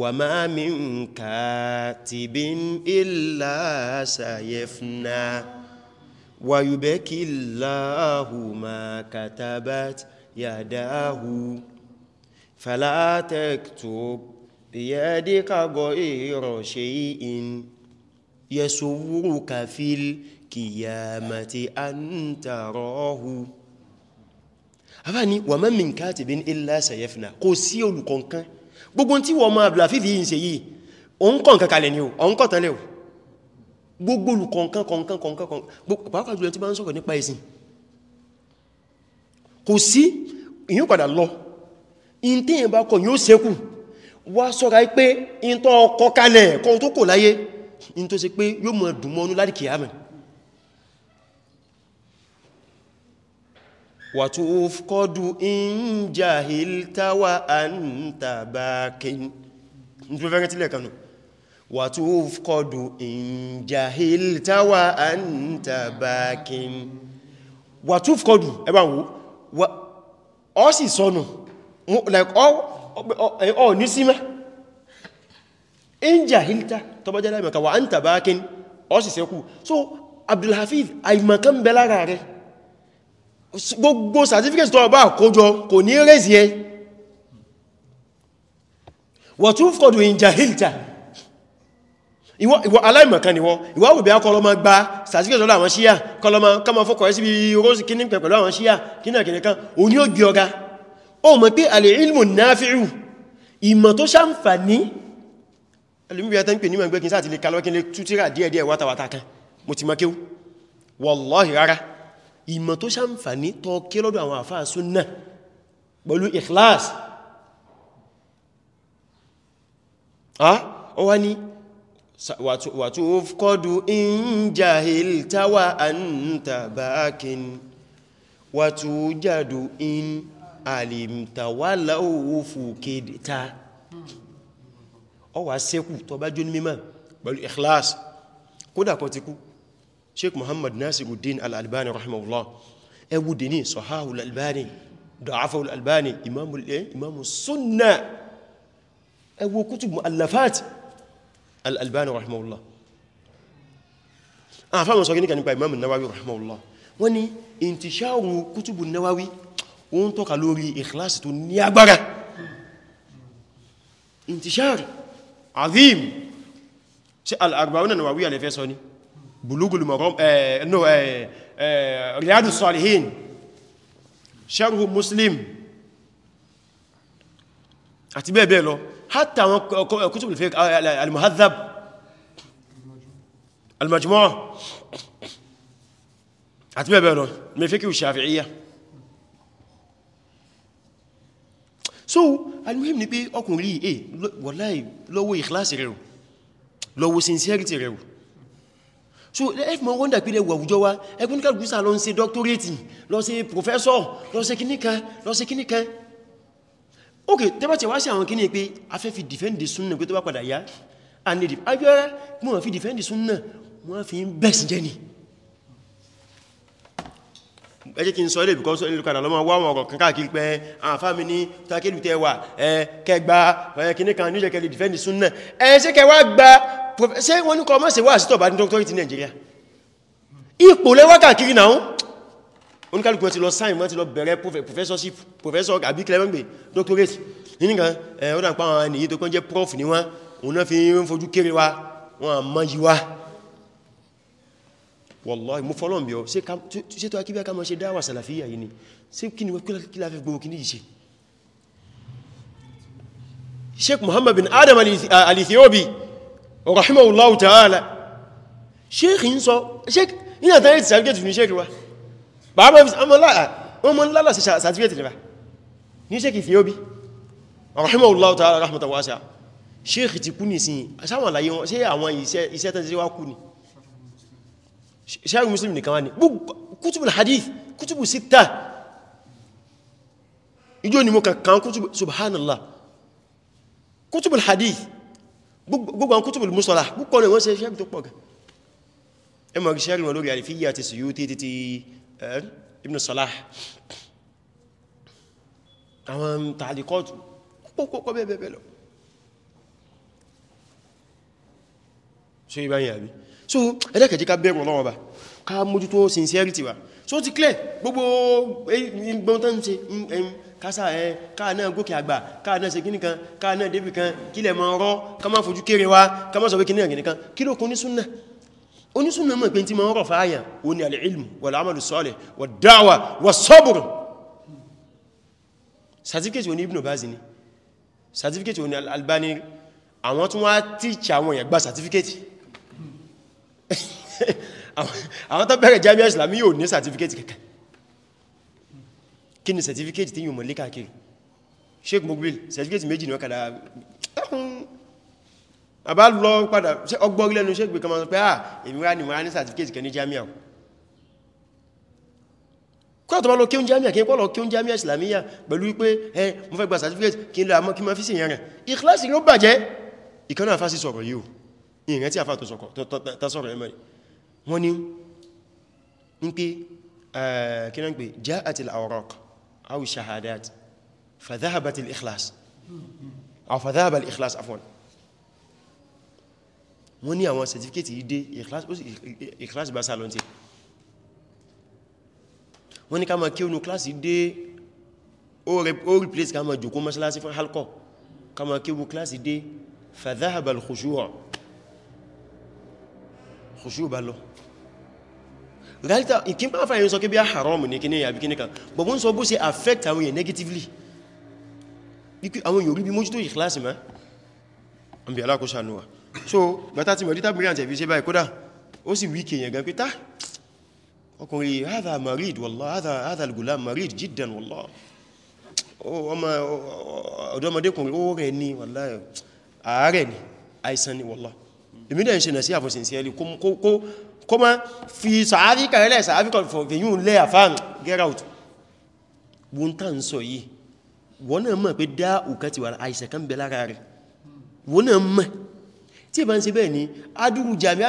wa ma min katibin illa sayefna wa yubeki Allahu ma katabat yadahu fala taktub biyadika ghayra shay'in yasuruka fil القيامة أن تراه ní wa ma min katibin illa sayafna kò sí olùkọ̀ọ̀kan gbogbo tí wọ́n máa bla fífí yìí ṣe yìí o ń kọ̀ǹkan kalẹ̀ ni o o ń kọ̀tánlẹ̀ o gbogbo olùkọ̀ọ̀kan kọ̀ǹkan kọ̀ǹkan pàápàá jùlọ tí bá ń sọ̀rọ̀ nípa ìsìn kò sí ìyún padà wàtúfkọ́dù ìjàhìltáwà àǹtàbákin ní tó fẹ́rẹ́ tílẹ̀ kanú wàtúfkọ́dù ìjàhìltáwà àǹtàbákin wàtúfkọ́dù ẹbá wo ọ sì sọnù like ọ ní símẹ́ ìjàhìltá tọba jẹ́ láìmọ̀ká wà àǹtàbákin ọ sì sẹ́kù so Abdul Hafiz àìmọ̀kan bẹ lára rẹ̀ gbogbo certificate tó bá àkójọ kò ní rèsì ẹ wọ̀ tún fọ́dù ìjàhìlta ìwọ aláìmọ̀kan níwọ ìwọ òbí akọlọ ma gba certificate lọ́dọ̀ àwọn síyà kọlọ ma kọmọ fọ́kọ̀ sí bí rose kíní pẹ̀lú àwọn síyà kínàkínà kan o ní ó gbé ọga o mọ̀ pé alẹ́ ilmù náfíù ìmọ̀ tó sàǹfàní alìmúbíyàtẹ́ ìmọ̀ tó ṣàǹfàní tọ́ kí lọ́dọ̀ àwọn àfáà súnnà pẹ̀lú ikhlas ọ wá ní wàtúfkọ́dù injahil tawa anta bakin wàtújádù in alimtawala òwúfù kéta ọ wá sẹ́kù tọ́ bá mímọ̀ pẹ̀lú ikhlas kódà kọ́ ti kú sheik muhammad nasiruddin al-albani rahimahullah ẹwù dini sahahu al-albani da'afahu al-albani imamu al eh, imamu sunna ẹwù kutub mu'allafat al-albani rahimahullah a fa mo sọ kini kan nípa imamu nawawi rahimahullah wani intisharu kutubu nawawi wọ́n to ka lórí ikhlas tó ní agbára intishar azim ṣe al-arba'una nawawi alefesoni بلوغ المرام آه نو آه آه رياض الصالحين شرح مسلم àti bẹ́ẹ̀ bẹ́ẹ̀ lọ hátà àwọn kutub al-muhadhab al-majmu' àti bẹ́ẹ̀ bẹ́ẹ̀ lọ mẹ́fẹ́kì al-shafi'iyya so al-muhim ni pé ọkùnrin eh wallahi lọ́wọ́ ikhlasi rẹ̀ lọ́wọ́ sincerity rẹ̀ so ẹ mọ̀ wọ́n dàpílẹ̀ wàwùjọ wa ẹgbẹ́ níkà gúúsà lọ ṣe doctorate lọ ṣe professor lọ ṣe kíníkan lọ Okay, kíníkan ok tẹ́bàtẹ̀ wá sí àwọn kíní pé a fẹ́ fi defend the sunna pé tó bá padà yá and the agbẹ́rẹ́ mọ́ fi defend the sunna wọ́n fi ń bẹ̀sì ẹjẹ́ kí n sọ ilé ìbìkọ́sọ́ ilé ìlúkàdà lọ́mọ wọ́n ọ̀rọ̀ kan káàkiri àǹfàmì ní takílù tẹ́ wà ẹ kẹgbà ẹkìní kan ní ìjẹ́kẹ̀lẹ̀ defend sunna ẹ ṣe kẹwàá gba ṣe wọ́n ní kọmọ́sẹ̀ wà sí wallahi mo fọ́lọ́n bí ọ ṣe tó akíbẹ́ kama ṣe dáwà sàlàfíyà yìí ni ṣe kí ni kílá fẹ́ gbogbo kí ní ṣe sheik muhammad bin adam al-Ethiopi rahimahullahu ta'ala sheik ń sọ sheik iná tán ètì sàrígẹ́tì ní sheik ṣẹ́rù muslim nìkan wá ní kútùbù hadith kútùbù sita ìjọ ni mo kankan kútùbù subhanallah kútùbù hadith gbogbo kútùbù musalah gbogbo ni wọ́n ṣe ṣẹ́rù tó pọ̀ gan ẹ mọ̀ ṣẹ́rù wọn lórí àrífíyà ti Suyuti títí ibn salah àwọn tààlìkọ́tù púpọ̀ bẹ́ẹ̀ bẹ́ẹ̀ lọ ṣe ibáyìn àbí so ẹlẹ́kẹ̀ẹ́jẹ́ ká bẹ̀rù Ọlọ́run Ọba ká mójútó sincerity wa so ti clear gbogbo gbọ́n tán ṣe kásá ẹ káà náà gòkè àgbà káà náà ṣe kíní kan káà náà débì kan kí lẹ mọ́ ọ̀rọ̀ ká má fojú kéré wa ká má sọ pé kíní ẹ̀gìn kan kí ló kún ní súnnà onísúnnà mọ̀ pé tí mọ́ ọ̀rọ̀ fàáyà ó ní al-ilmu wal-amalu salih wad-da'wa was-sabr certificate wọn ni Ibn Baz ni certificate wọn ni Al-Albani àwọn tún wá tíìchì àwọn èèyàn gba certificate àwọn tó bẹ̀rẹ̀ jami'a islami yóò ní certificate kẹkẹ kí ni certificate tí yíò mọ̀ lé káàkiri sheik mobile certificate méjì ní ọkàdà ẹkùn àbá lọ padà ṣe ọgbọ́rí lẹ́nu sheik gbẹ̀kọ́ mọ́ pé à ah, èmi ni wọ́n ní certificate kẹ ní jami'a kọ́ tó bá jami'a kí n kọ́ jami'a islamiyya pẹ̀lú wípé ẹ mo certificate kí n lọ àmọ́ kí n máa fi sí ìyẹn rẹ̀ ìrìn tí a fà tó sọ̀kọ̀ tásọ̀rọ̀ ẹmọ̀ wọ́n eh, ni ń pé kínan pé ja'at al-awraq aw shahadat fadhahabat al-ikhlas aw fadhahaba al-ikhlas afwan wọ́n ni àwọn certificate yìí dé ikhlas bá sálọ́n tí wọ́n ni ká ma kíọnù kílásì dé ó replace ká ma jòkó mọ́sálásí fún halkọ̀ ká ma kíọnù kílásì dé fadhahaba al kòṣù bá lọ realita ìkí bá fàyẹ̀ sọ kí bí a haram ní kí ní àbí kí ní kan but wọ́n sọ bó ṣe affect àwọn èèyàn negatively wípé àwọn èèyàn orí bí mójútó ìkìláàsì má ń bí alákóṣà nùwà so gbátá ti mọ̀dítà brilliant ẹ̀bí ṣe báyìí kódà ó sì wí kèèyàn gan pé tá ọkùnrin hadha marid wallah hadha al-gulam marid jiddan wallah ọmọdékùnrin ó rẹ̀ ni wallah àárẹ̀ ni àìsàn ni wallah èmi dẹ̀ ń ṣe nà sí àfún sincerely kó má fi sàáfí kàrẹ́lẹ̀ sàáfí kọ̀lùfọ̀ fèyún lẹ́ àfáàn get out wọ́n tà ń sọ yìí wọ́n náà mọ̀ pé dá òkà ti wà àìsẹ̀ kan bẹ lára rẹ̀ wọ́n náà mọ̀ tí ìbá ń ṣe bẹ́ẹ̀ ni adúrú jami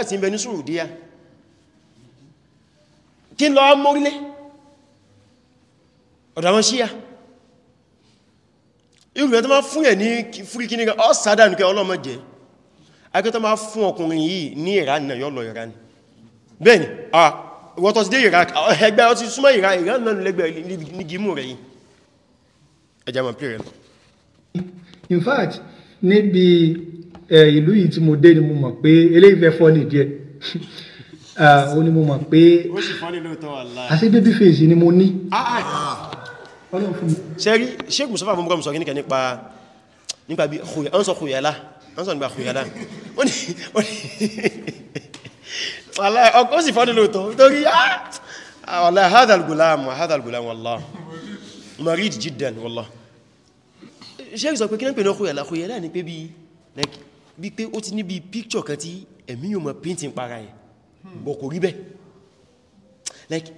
akẹta ma fún ọkùnrin yìí ní Iran náà yọ́ lọ Iran bẹ́ẹ̀ni ah wọ́tọ̀ sí dé Iraq ẹgbẹ́ ọ ti súnmọ́ Iran Iran náà lẹ́gbẹ̀ ní gímù rẹ̀ yìí ẹjá ma pè rẹ̀ lọ in fact níbi ìlú yìí tí mo dé ni mo mọ̀ pé eléyìnfẹ́ fọ́ ní díẹ̀ ó ní mo mọ̀ pé ó sì fọ́ nílò tọ́ Allah àti baby face ni mo ní sẹ́rí ah, ah. Sheikh Mustafa fún mọ́kànlá sọ nípa bí ọ̀sọ̀ kòyàlá ọkọ̀ sì fọ́dún lóòtọ́ torí àwọ̀lá ah! ah, hadal gulam hadal gulam wallah marid jiddan wallah ṣe ìsọ pé kí náà pè náà kòyàlá kòyàlá ní pé bí pé ó ti ní bí píkṣọ̀ kan tí ẹ̀mí yóò mọ̀ píntín para ẹ̀ hmm. bọ̀ kò rí bẹ́ẹ̀ like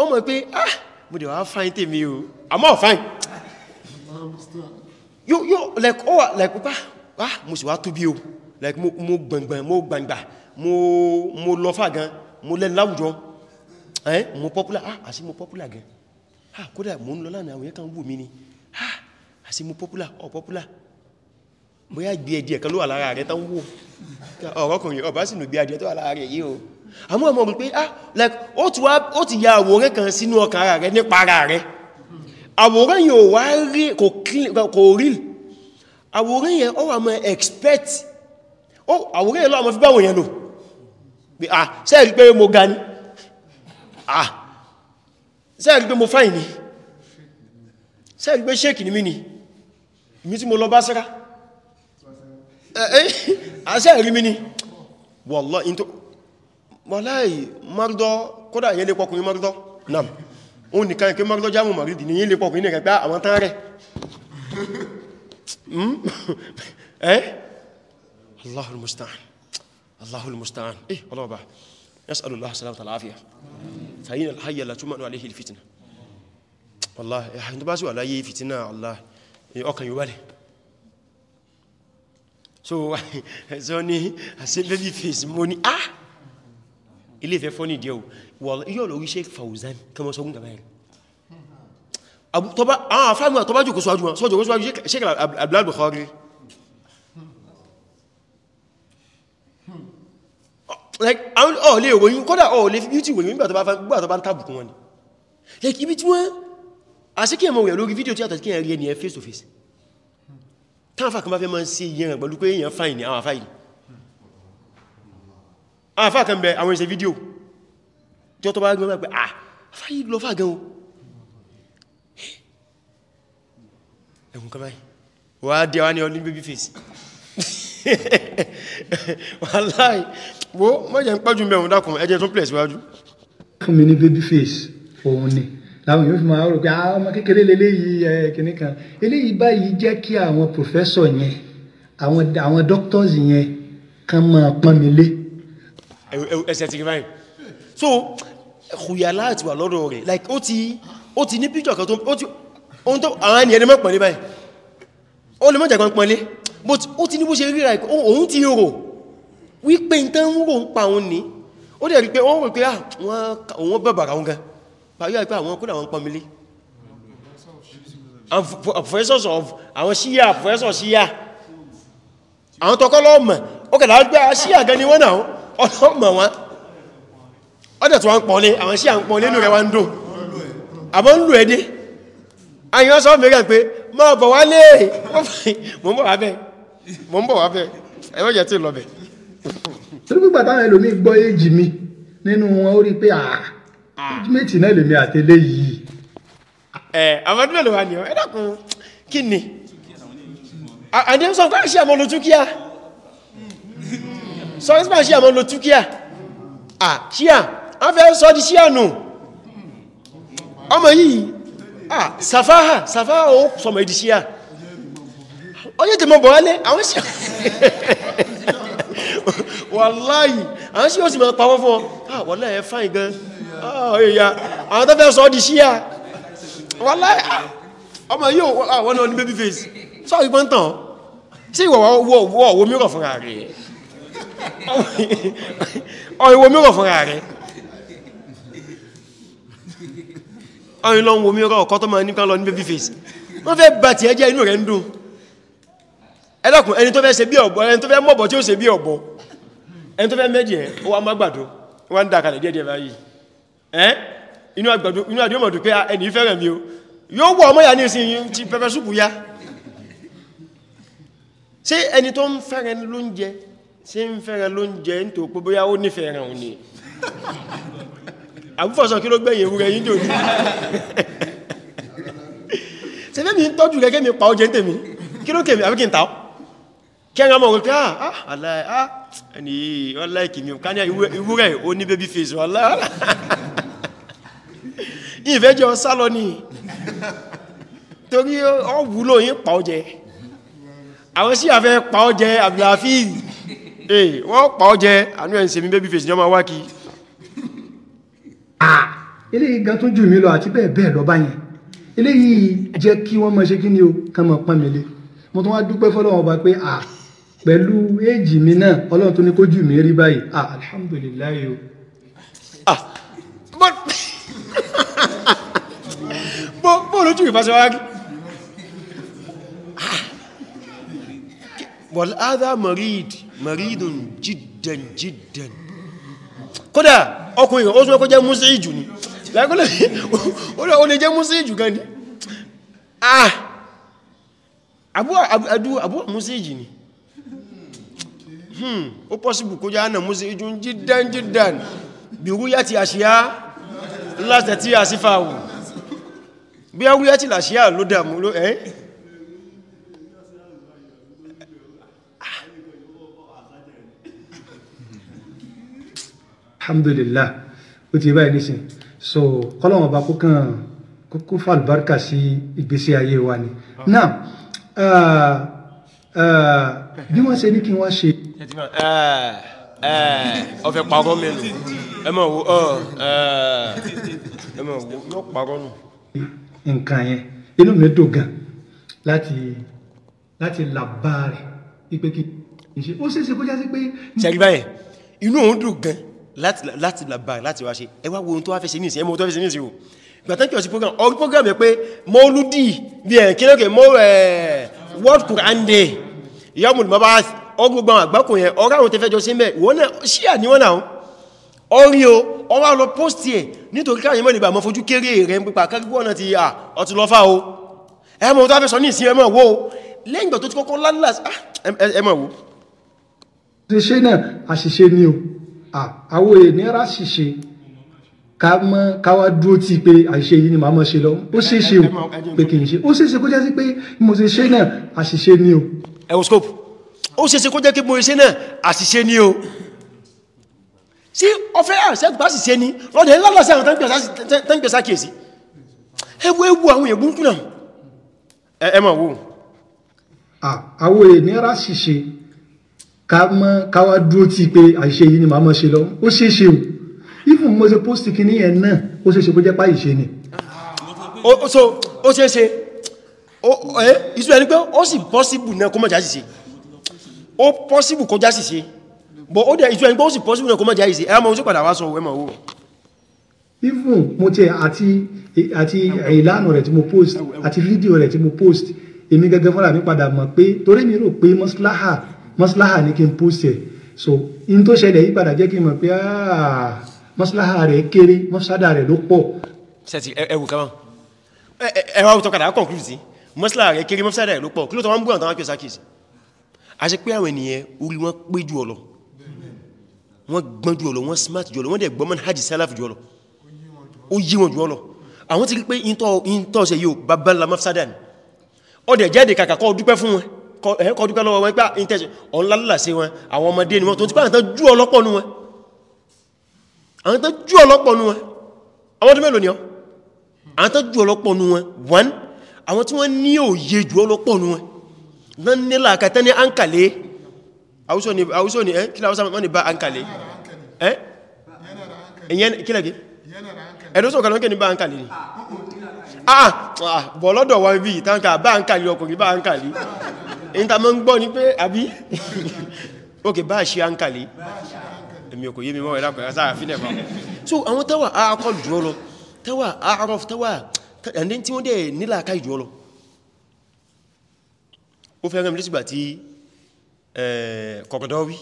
ó mọ̀ pé ah mo dẹ̀ wá fáyín tèmi o àmọ́ fáyín ah, yóò like ó wà like pípa ah mo sì wá tó bí o like mo gbangban mo gbangba mo lọ́fà gan mo lẹ́n láwùjọ ẹ́ mo popular ah àti mo popular gan ah kódà mo ń lọ lánàá àwọn ẹ̀kan wù mí ni ah àti mo popular ọ̀ popular mo yá gbé ẹ̀dì ẹ̀kan ló wà lára rẹ̀ tán wò ọ̀rọ̀kùnrin ọba sínú gbé ẹ̀dì tó wà lára rẹ̀ yìí o àmú ọmọ wípé ah like ó ti ya àwòrán kan sínú ọkàn ara rẹ̀ nípa ara rẹ̀ àwòrán yẹn ò wá rí kò real àwòrán yẹn ó wà mọ́ expect ó àwòrán ìlú àmọ́ fi báwọn èèyàn lò pé à ah, sẹ́ẹ̀rí pé mo ga ní à ah, sẹ́ẹ̀rí pé mo fáìn ní sẹ́ẹ̀rí pé ṣéèkì ní mí ní ìmí tí mo lọ bá sára à sẹ́ẹ̀rí mí ní wọ́lọ́ in tó wọ́láì mardọ́ kódà ìyẹn lè pọkùnrin mardọ́ náà òun nìkan ìké mardọ́ jámù maridi ní ìyẹn lè pọkùnrin nìkan pé ah, àwọn الله المستعان الله المستعان ايه والله بعد نسال الله السلامه والعافيه فاين الحي لا تمن عليه الفتنه والله يا حي تباسي ولا يي فتنه الله إيه، اوكي يبالي سو زوني حسين لي فيس موني اه اللي في فوني ديو والله يولو وي شيخ فوزان كما سوغن كما ابو طبا اه فاهم طبا جو كسو جو سو جو سو جو شيخ الله بخاري like àwọn ọ̀ oh, lè ròyìn kódà ọ̀ oh, lè fi beauty ròyìn nígbà tó bá gbà tó bá ń tàbùkù wọn ni like ibi tí wọ́n àṣíkí ẹ̀mọ̀ rẹ̀ lórí fídíò tí àtàkí ẹ̀ rí ẹni ẹ̀ face to face táàfà kan bá fẹ́ máa ń ṣe iye rẹ̀ pẹ̀lú pé èèyàn fáìn ní àwọn afáìn àfáà kan bẹ àwọn ìṣe fídíò tí ó tó bá gbọ́nà pé ah afáà yìí lọ fà gan o ẹ̀kùn kan báyìí wà á dẹ̀ wá ní ọdún baby face wà láì wo mọ́jẹ̀ ń pẹ́jú mẹ́rún dákùn ẹjẹ́ tún pẹ̀lẹ̀ síwájú fún mi ní baby face òun ni láwọn yóò fi máa rò pé àwọn ah, ọmọ kékeré lélẹ́yìí ẹ̀ kìnní kan eléyìí báyìí jẹ́ kí àwọn professor yẹn àwọn àwọn doctors yẹn kan máa pọ́n mi lé. ẹsẹ̀ ti rí báyìí so kùyà láti wà lọ́dọ̀ rẹ̀ like ó ti ó ti ní picture kan tó ó ti ohun tó àwọn ènìyàn mọ́ pọ̀n lé báyìí ó lè mọ́ jẹ́ kan pọ̀n lé but ó ti ní bó ṣe rí like òun ti rò wípé ìtàn ń rò ń pa òun ní ó dẹ̀ rí pé wọ́n rò pé ah, àwọn bẹ̀bàrà wọn gan parí àìpé àwọn kúrò àwọn pọmílé professors of àwọn síyà professors síyà àwọn tọkọ́lọ́ ọmọ ó kẹ̀lá gbé ah, síyà gan ni wọ́n náà ọlọ́mọ wọn ọdẹ̀ tó wọ́n pọ̀lé àwọn síyà ń pọ̀lé lórí wọn dò àmọ́ ń lò ẹ́dẹ́ àyíwọ́n sọ mẹ́rẹ̀ pé mọ́ bọ̀ wálé mọ́ bọ̀ wábẹ́ ẹ̀mọ́jẹ̀ tí lọ bẹ̀ torí pípa táwọn ẹlòmíín gbọ́ éèjì mi nínú wọn ó rí i pé ah, ah. méjì náà lèmi àtẹlé yìí. ẹ àwọn ọdún mélòó wà ní ọ ẹ dákun kí ni àdé sọ fún àṣì àmọ́ lo túkíà sọ fún àṣì àmọ́ lo túkíà à ṣíà wọ́n fẹ́ sọ di ṣíà nù ọmọ yìí à sàfáhà sàfáhà ó sọmọ ìdí ṣíà ó yẹ́ tẹ́mọ̀ bọ̀ wálé àwọn ṣíà wàláyì àwọn sí yóò sì máa pàwọ́ fún ọ ah, wàláyì ẹ fáì gan ẹ̀yà ah, àwọn tó fẹ́ sọ di ṣíyà wàláyì ah, ọmọ yóò wọ́n náà ní baby face sọ ìpọ́n tàn tí ìwọ̀wọ̀ wo mírọ̀ fúnra rẹ̀ ọ̀rìn wo mírọ̀ fúnra rẹ̀ ọ̀rìn lọ wo mírọ̀ ọkọ̀ tó máa nípa lọ ní baby face wọ́n fẹ́ bá ti ẹjẹ́ inú rẹ̀ ń dùn ẹlọ́kùn ẹni tó fẹ́ ṣe bí ọ̀bọ ẹni tó fẹ́ mọ̀bọ̀ tí ó ṣe bí ọ̀bọ ẹni tó fẹ́ méjì ẹ̀ ó wá má gbàdó wọ́n ń dà kalẹ̀ díẹ̀díẹ̀ báyìí ẹ́ inú àgbàdó inú àdíò mọ̀dù pé ah, ẹni fẹ́rẹ̀ mi o yóò wọ ọmọ yà ní ìsìn ti pẹpẹ súpù ya ṣé ẹni tó ń fẹ́rẹ̀ lóúnjẹ ṣé ń fẹ́rẹ̀ lóúnjẹ ń tó pé bóyá ó nífẹ̀ẹ́ rẹ̀ òní kẹ́rin ọmọ òkè ah aláì ah, ah ẹni ọlá ìkìmí ká ní ìwúrẹ̀ ó ní baby face ọlá ìfẹ́jọ sálọ ní torí ọ wúlò yí pa ọjẹ àwọn sí àfẹ́ pa ọjẹ àbìláfí eh wọ́n pa ọjẹ àánú ẹ̀ ń ṣe mi baby face ní ọmọ wákí ilé ah, igan tún jù mí lọ àti bẹ́ẹ̀ bẹ́ẹ̀ lọ báyìí eléyìí jẹ́ kí wọ́n mọ̀ ṣe kí mo tún wá dúpẹ́ fọ́lọ́wọ́n ọba pé à ah, pẹ̀lú éèjì mi náà ọlọ́run tó ní kó jù mí rí báyìí ah alhamdulilayi o. bó ah. lójú ìfàṣẹ wáyé ah. wal adha marid maridun jiddan jiddan kódà ọkùnrin ó súnmọ́ kó jẹ́ músí ìjù ni lákúnlẹ̀ ó lè jẹ́ músí ìjù gan ni ah àbúwà músí ìjù ni hmm ó possible kó já náà múzi ijú jídán jídán bí rúyá ti àṣíyá láti tí a sí fàwọ̀ bí a rúyá ti làṣíyá ló dàmú ló ẹ́ alhamdulillah ó ti báyìí nísìn so kọ́lọ̀wọ̀n bá kó kàn kó fàlùbárkà sí ìgbésí ayé wa ni náà bí wọ́n ṣe ní kí wọ́n ṣe. ọ̀fẹ́ parọ́ mẹ́nu ẹ mọ̀ wo ẹ mọ̀ wo yóò parọ́ nù. nǹkan yẹn inú mi dùn gan láti láti làbá rẹ̀ ipe kí n ṣe ó ṣeé ṣe kó jásí pé. ṣẹ́rí báyẹn inú òun dùn gan láti làbá rẹ̀ láti wá ṣe ẹ wá wo ohun tó wá fẹ́ ṣe ní ìsìn ẹ mọ ohun tó wá fẹ́ ṣe ní ìsìn o gbàtàkì ọ̀sìn program ọ̀rí program yẹn pé mọ́lúdì bí ẹ̀ kí lókè mọ́ ẹ̀ world Quran day yamul mabath ọgbogbo àgbákùn yẹn ọ̀rọ̀ àwọn tẹfẹ́jọ sí mẹ́ wọ́n náà ṣíà ní wọ́n náà ọrí o ọwá lọ post ẹ̀ nítorí káyẹ mọ́ lè bà mọ́ fojú kéré rẹ̀ ń pípa kẹ́gbọ́n náà ti à ọtí lọ fá o ẹmọ tó fẹ́ sọ ní ìsìn ẹmọ wo lẹ́yìn ìgbà tó ti kọ́kọ́ lálàs ẹmọ wo. àṣìṣe náà àṣìṣe ni o àwọn ènìyàn àṣìṣe ká mọ ká wá dúró tí pé àṣìṣe yìí ni màá mọ ṣe lọ ó ṣeé ṣe o pé kì í ṣe ó ṣeé ṣe kó jẹ́ sí pé bí mo ṣe ṣe náà àṣìṣe ni o. ẹ wo scope ó ṣeé ṣe kó jẹ́ kí mo ṣe náà àṣìṣe ni o sí ọfẹ́ àṣẹ́gbà bá ṣìṣe ni lọ́dẹ̀ ńlọ́lọ́sẹ̀ àwọn tẹ́ǹgbẹ̀sá kìí ẹ wo ewu àwọn èèyàn burúkú náà ẹ mọ̀ wo. àwọn èèyàn rà ṣìṣe ká mọ ká wá dúró tí pé àṣìṣe yìí ni màá mọ ṣe lọ ó ṣeé ṣe o even mo ṣe post kìíní yẹn náà ó ṣe ṣe kó jẹ́ páyì ṣe ni. so ó ṣe ṣe eh, ìṣú ẹni pé ó sì possible náà kó mọ̀ jásìsì ó possible kó jásìsì bọ̀ ó dẹ̀ ìṣú ẹni pé ó sì possible náà kó mọ̀ jásìsì ẹ̀rọ mọ̀ ojú padà wá sọ òwe mọ̀ owó even mo tiẹ̀ àti àti ìlànà rẹ̀ tí mo post àti fídíò rẹ̀ tí mo post èmi gẹ́gẹ́ fúnra mi padà mọ̀ pé torí mi rò pé maslaha maslaha ni kí n post ẹ̀ so in tó ṣẹlẹ̀ yí padà jẹ́ kí n mọ̀ aaa ah, mọ́sálásá rẹ̀ kéré mọ́sálásá rẹ̀ ló pọ̀ sẹ́tì ẹwù kan ẹwà òtọ́kadà kọ̀nkúrù sí mọ́sálásá rẹ̀ kéré mọ́sálásá rẹ̀ ló pọ̀ kí ló tọ́ wọ́n ń bú àwọn tàwọn sákìsì a ṣe pé àwọn ènìyàn orí wọn pé jù ọlọ wọ́n gbọ́n jù ọlọ wọ́n smart jù ọlọ wọ́n dẹ̀ gbọ́n mọ́n hajj salaf jù ọlọ ó yí wọn jù ọlọ àwọn ti rí pé ìntọ́ ṣe yóò bàbá ńlá mafsada ni ó dẹ̀ jáde kàkà kó dúpẹ́ fún wọn kó dúpẹ́ lọ́wọ́ wọn pé ìntẹ́ṣe ọ̀nlá lálàsí wọn àwọn ọmọdé ni wọ́n tó ti pàtàkì jù ọlọ́pọ̀ nú wọn àwọn tó jú ọlọ́pọ̀ nú wọn àwọn tó mélòó ni ọ àwọn tó jú ọlọ́pọ̀ nú wọn wọ́n àwọn tí wọ́n ní òye jù ọlọ́pọ̀ nú wọn náà nílà àkàtẹ́ ní àǹkàlẹ́ àwúsọ ni ẹ́ kí láwọ́sá mọ́ ni bá àǹkàlẹ́ ẹ́ ìyẹn kílẹ̀gẹ́ ẹ̀dọ́sọ̀ kan lọ́kẹ́ ní bá àǹkàlẹ́ ni ah, ah, ah bọ̀lọ́dọ̀ wa bí ìtànkà bá àǹkàlẹ́ ọkùnrin bá àǹkàlẹ́ ìntàmọ́ ń gbọ́ ni pé àbí ok bá ṣe àǹkàlẹ́ èmi ò kò yé mi mọ́ ẹ̀dàpẹ̀ ẹ̀sára fílẹ̀ fún so àwọn tẹ́wà àákọl jù ọlọ tẹ́wà àárọf tẹ́wà ẹ̀ndẹ́ tí wọ́n dẹ̀ nílà ká ìjù ọlọ ó fẹ́ rẹ̀ mílísìgbà tí Qaradawi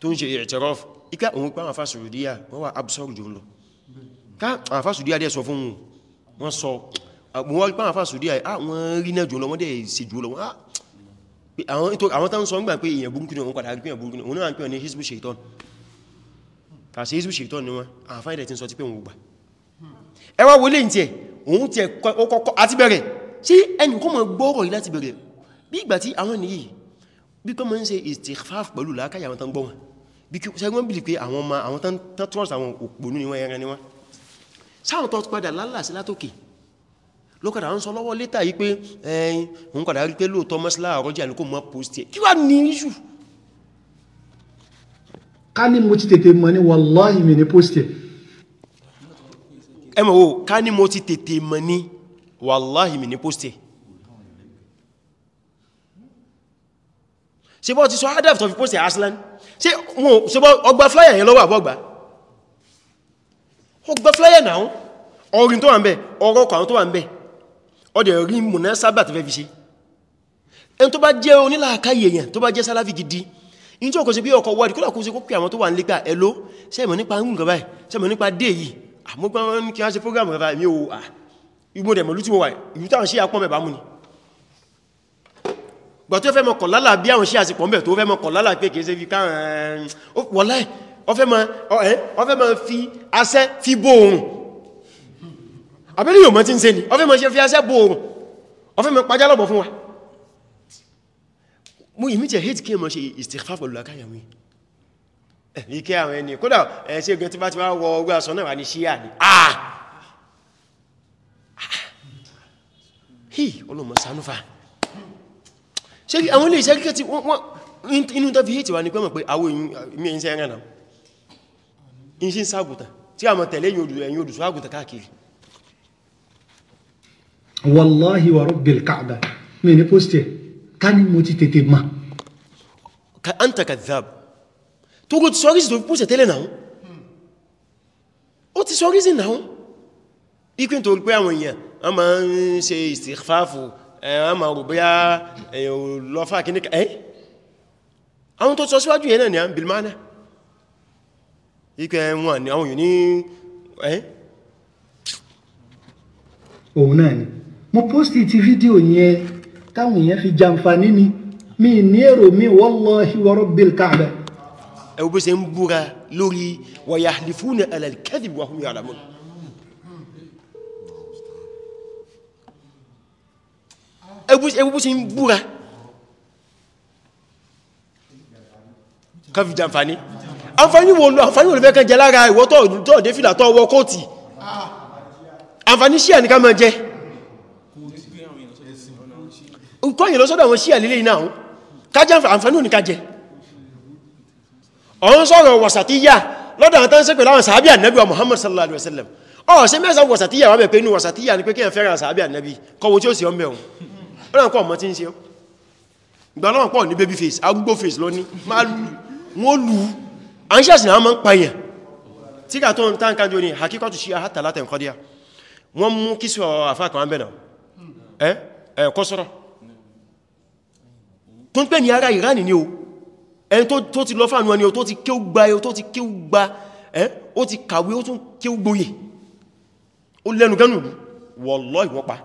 tó ń ṣe i'tiraf iká òun pa àwọn absorb jù lọ ká àwọn fásitìdíyà dẹ̀ sọ fún wọn wọ́n sọ mo wá pa àwọn fásitìdíyà àwọn ah, rí náà jù lọ wọ́n dẹ̀ sì jù lọ wọ́n ah, àwọn tán sọ ń gbà pé èèyàn burúkú ni wọ́n padà rí pé èèyàn burúkú ni wọ́n náà ń pè ní hisbu tàṣí ìsù ṣètọ́ ni wọn àfáà ìdẹ̀ tí ń sọ tí pé òun gbà ẹwà wọlé ní tiẹ̀ òun tiẹ̀ kọ́kọ́ àti bẹ̀rẹ̀ sí ẹni kó mọ̀ gbọ́rọ̀ yìí láti bẹ̀rẹ̀ bí ìgbà tí àwọn nìyí bí kọ́ mọ̀ ń ṣe istighfar pẹ̀lú làákàyà àwọn tán gbọ́ wọn bí kí sẹ́gbọ́n bìlì pé àwọn ọmọ àwọn tán trust àwọn òpònú ni wọ́n ẹran ni wọ́n sáwọn tó padà lálàsí látòkè lókàdà ń Kani ní mo ti tètè mọ̀ ní wallahi mi ní post ẹ̀ ẹmọ̀ wo ká ní mo ti tètè mọ̀ wallahi mi ní post ṣe bọ́ ti sọ adaf tó fi post aslan ṣe wọ́n ṣe bọ́ ọgbà flyer yẹn lọ́wọ́ àbọ́gbà ọgbà flyer náà ọrin tó wà ń bẹ ọ̀rọ̀ kan tó wà ń bẹ ọdẹ̀ rí mùnà sábà tó fẹ́ fi ṣe ẹni tó bá jẹ́ onílàákàyè tó bá jẹ́ sáláfì gidi in tí ó kò sí pé ọkọ̀ wọ́dí kúrò kúrò sí kókè àwọn tó wà nílé pé ah, ẹ̀lò sẹ́mọ̀ nípa ń gọ̀bá sẹ́mọ̀ nípa dé yìí àmúgbọ́n ah, kí a ṣe program rẹ̀ mi ò à ah, ìgbò dẹ̀mọ̀lú tí mo wà ìlú táwọn sí apọ́ mẹ́bàá mú ni gbà tó fẹ́ mọ́ kọ̀ lálà bí àwọn sí àsìpọ̀ mẹ́ tó fẹ́ mọ́ kọ̀ lálà fi káàrin eh, oh, wọ́láì ó fẹ́ mọ́ eh, fi asẹ́ fi bó oòrùn abẹ́lẹ̀ yóò mọ́ pàjálọ̀bọ̀ fún wa mú ìmítẹ̀ hate kí ẹmọ ṣe istighfar pẹ̀lú akáyàwó ìkẹ́ àwọn ẹni kódà ẹ̀ṣẹ́ ogun tí bá ti wá wọ ogun aṣọ náà wà ní ṣíyà ní àà hì olóòmọ̀ sanúfà ṣe àwọn ilé iṣẹ́ kíkẹ́ tí wọ́n inú tó fi hate wà ní pẹ́mọ̀ pé àwọn èyí iṣẹ́ ẹ̀rẹ́nà iṣẹ́ sàgùtà tí a mọ̀ tẹ̀lé ẹ̀yìn odùsù àgùtà káàkiri wallahi wa rabbil ka'ba mi ni posti Kani ní mo ti tètè ma ka an ta kadhab tó kò ti sọ rísì tó fi pọ́sẹ̀ tẹ́lẹ̀ náà ó ti sọ si náà ikú tó rí pé àwọn èèyàn a ma ń ṣe istighfafu a ma rò bóyá lọ́fà kí ní ẹ́ àwọn tó sọ ni a ń bilmana ikú ẹ̀wọ̀n ni àwọn yìí ní ẹ́ òun ni mo post ti fídíò yẹn káwọn èèyàn fi jàǹfààní ni mi ní èrò mi wallahi wa rabbil káàbẹ̀ ẹ̀wọ́ bí ṣe ń búra lórí wa yahlifuna ala al-kadhib wa hum ya'lamun ẹwọ́ bí ṣe ń búra kan fi ní ká máa jẹ́ kọ́yìn lọ sọ́dọ̀ wọn sí àlílé iná ọ̀hún kájẹ́ àǹfàní òní kájẹ́ ọ̀hún sọ́rọ̀ wàsàtíyà lọ́dọ̀ àwọn tán sí pẹ̀lú àwọn sàábí ànábí wa Muhammad sallallahu alaihi wasallam ọ̀ sí mẹ́sàn wàsàtíyà wà bẹ̀pẹ̀ inú wàsàtíyà ní pé kí ẹ̀fẹ́ràn sàábí ànábí kọwọ́ tí ó sì ọmọ ẹ̀hún ọ̀pọ̀ ọmọ tí ń ṣe ìgbà náà pọ̀ ní baby face agbó face lọ ní máa wọ́n lù ú à ń ṣàṣìnà àmọ́ ń payẹ̀ tí ká tó ń tán kájọ ní hakíkọ́tù sí ahátà látẹ̀ ń kọ́díà wọ́n mú kí sọ àfáàkàn ábẹ̀ náà ẹ̀ kọ́sọ́rọ̀ tó ń pè ní ara Iran ni o ẹni tó ti lọ fàánú ẹni o tó ti kí ó gba ẹ tó ti kí ó gba ẹ ó ti kàwé ó tún kí ó gbóyè ó lẹ́nu gẹ́nu wallahi wọ́n pa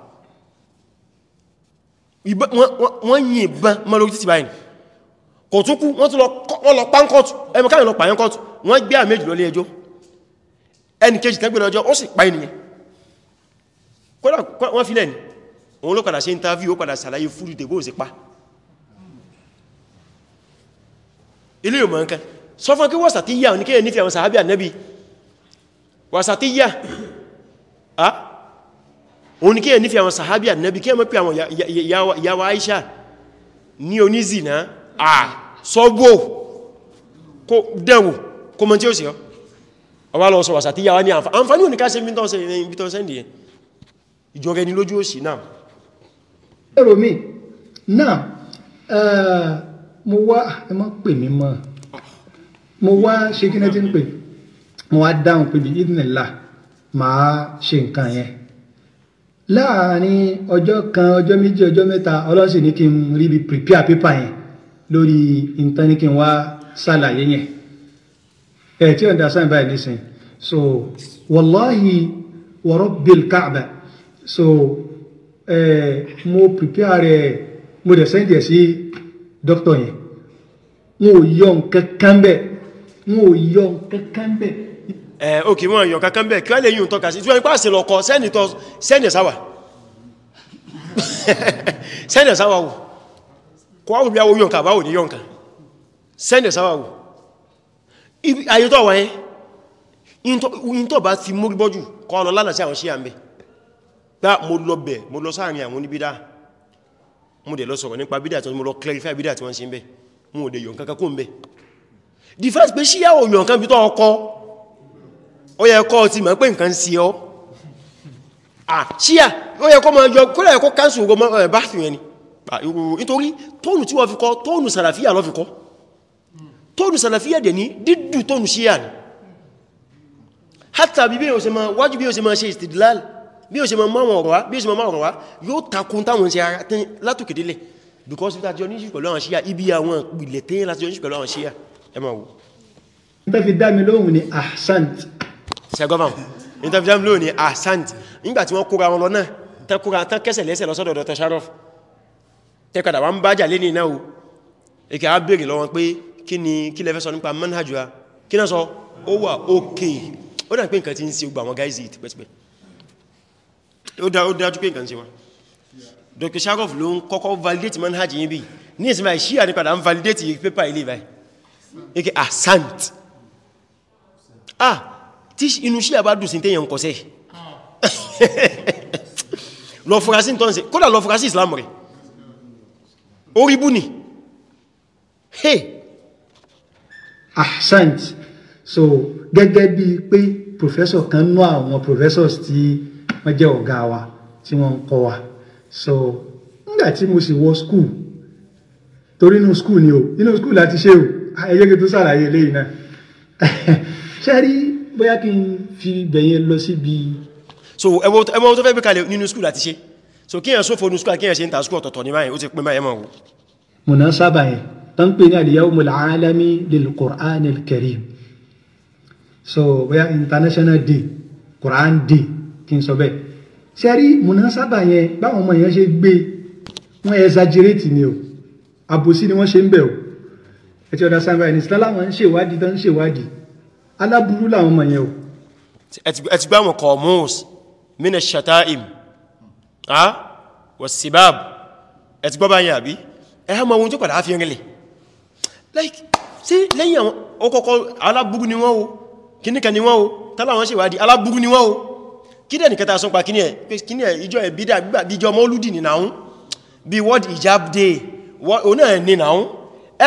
wọ́n yìnbọn mọ́ lórí títí báyìí kò tún kú wọ́n tún lọ pánkọ́tù ẹmọ káyìn lọ pàyán kọ́tù wọ́n gbé àmì ìjìlọ ẹjọ́ ẹni kejì tẹ́gbẹ̀ lọ́jọ́ ó sì pa ilé ìmọ̀ nǹkan sọ fún kí wọ́sàtíyà ní kíyà nífẹ̀ẹ́ àwọn sàábí ànẹ́bí wọ́sàtíyà á òun ní kíyà nífẹ̀ẹ́ àwọn sàábí ànẹ́bí kíyà mọ́ pé àwọn yàwó Aisha ní onízìnà à sọ́gbò kó dẹ̀wò kó mọ́ tí ó sì ọ́ ọwá lọ sọ wọ́sàtíyà wá ní àǹfààní òní ká ṣe mí tọ́ sẹ́ndì ìjọ rẹ̀ mo wá ẹ má pè mí mọ́ mo wá ṣe kí ni ti ń pè mo wá dáhùn pé bí ìdìnnìlá màá ṣe nǹkan yẹn láàárín ọjọ́ kan ọjọ́ méjì ọjọ́ mẹ́ta ọlọ́sìn ní kí n rí bí prepare paper yẹn lórí nǹkan ní kí n wá ṣàlàyé yẹn ẹ̀ tí ọ̀dà sáyẹn báyìí nísìnyí so wàláhì wọ̀rọ̀ bíl káàbà so eh, mo prepare mo dẹ̀ sẹ́ńdì ẹ̀ sí dókítà yẹn wọn ò yọ nǹkan kan bẹ́ẹ̀ wọn ò yọ nǹkan kan bẹ́ẹ̀ ẹ̀ òkè wọn yọ kankan bẹ́ẹ̀ kí wọ́n lè yíò tọ́ka sí tí wọ́n ń pàṣẹ lọ kọ sẹ́nì sáwà sẹ́nì sáwà wò kọ́ àwọn òbí àwọn yọǹkà báwò ní yọǹkà sẹ́nì sáwà wò ayétọ́ wáyé ìntọ́ bá ti mórí bọ́jù kọ́ lọ lánàá sí àwọn sí àmì mú dẹ̀ lọ sọ̀rọ̀ nípa bídà tí wọ́n lọ clarify bídà tí wọ́n ṣe ń bẹ mú dẹ̀ yọ̀ kankan kó ń bẹ the first pé ṣíyà ò yọ̀ nǹkan bí tó ọkọ́ ó yẹ kọ́ ti mọ̀ pé nǹkan sí ọ́ ṣíyà ó yẹ kọ́ máa yọ kólẹ̀ ẹ̀kọ́ káńsù ogun bá fi yẹn ni nítorí tóònù tí wọ́n fi kọ́ tóònù ni hátà bí bí ó ṣe máa wájú bí o ṣe mọ́ àwọn ọ̀rọ̀ wá bí o ṣe mọ́ àwọn ọ̀rọ̀ wá yóò takun táwọn ṣe ara tín látòkèdélẹ̀ because peter john issue pẹ̀lú àwọn ṣíyà ibi àwọn ìpìlẹ̀ tí láti john issue pẹ̀lú àwọn ṣíyà ẹ máa wò ìtàfi dámi lóhùn ni ahsant ṣẹgọ́fàm ìtàfi dámi lóhùn ni ahsant nígbà tí wọ́n kóra wọn lọ náà tán kóra tán kẹsẹ̀ lẹ́sẹ̀ lọ́sọ́dọ̀ dr sharof tẹ́kọ̀dà wọ́n bá jà lé ní ináwó ìkẹ́ á bèèrè lọ́wọ́n pé kí ni kí lẹ́fẹ́ sọ nípa manhajua kí náà sọ ó wà ókè ó dà pé nǹkan ti ń ṣe gbà wọn gáìsì ìtìpẹ́tìpẹ́ ó dájú pé nǹkan ṣe wọn Dr. Sharof ló ń kọ́kọ́ validate manhaj yìí bí ní ìsinmi àìṣíyà ní padà ń validate pépà ilé ìbáyìí ike asant ah, ah tí inú ṣíyà bá dùn sí tẹ́yàn kọsẹ̀ lọ fura sí tọ́nsẹ̀ kódà lọ fura sí Islam rẹ̀ oríbú ni hey ahsant so gẹ́gẹ́ bí pé professor kan nú àwọn professors ti wọ́n jẹ́ ọ̀gá wa tí wọ́n ń kọ́ wa so nígbà tí mo sì wọ skul torí inú skul ni o inú skul láti ṣe o ẹyẹ kí n tó ṣàlàyé eléyìí náà ṣe rí bóyá kí n fi bẹ̀yẹn lọ síbi. so ẹmọ tó fẹ́ gbé kalẹ̀ nínú skul láti ṣe so kíyàn sófò nínú skul kíyàn ṣe ń ta skul ọ̀tọ̀ọ̀tọ̀ ní báyìí ó ti pín báyìí mọ̀ wò. mùnà sábà yẹn tó ń pè ní al-yawmul alami lil Qur'anil karim so bóyá international day Qur'an day kí n sọ bẹ́ẹ̀ ṣe rí mùnásábà yẹn báwọn ọmọ yẹn ṣe gbé wọn ẹ̀ṣagirẹ́tì ni o àbòsí ni wọ́n ṣe ń bẹ̀ o ẹ ti ọ̀dà sanba ẹni sílá làwọn ń ṣèwádìí tó ń ṣèwádìí aláburú làwọn ọmọ yẹn o. ẹ ti gbá wọn kọ mọ́ọ̀s mina shataim wọ sibab ẹ ti gbọ́ báyìí àbí ẹ hàn mọ́ ohun tó padà fi rinlẹ̀ like ṣe lẹ́yìn àwọn ọkọ̀ọ̀kọ̀ aláburú ni wọ́n o kíníkà ni wọ́n o tálà wọ́n ṣèwádìí aláburú ni wọ́n o kí dẹ̀ nìkẹta sún pa kí ní ẹ̀ kí ní ẹ̀ ìjọ ẹ̀bí dà gbígbà bí ìjọ mọ́lúdì ní náà bí word hijab day oná ẹ̀ ní náà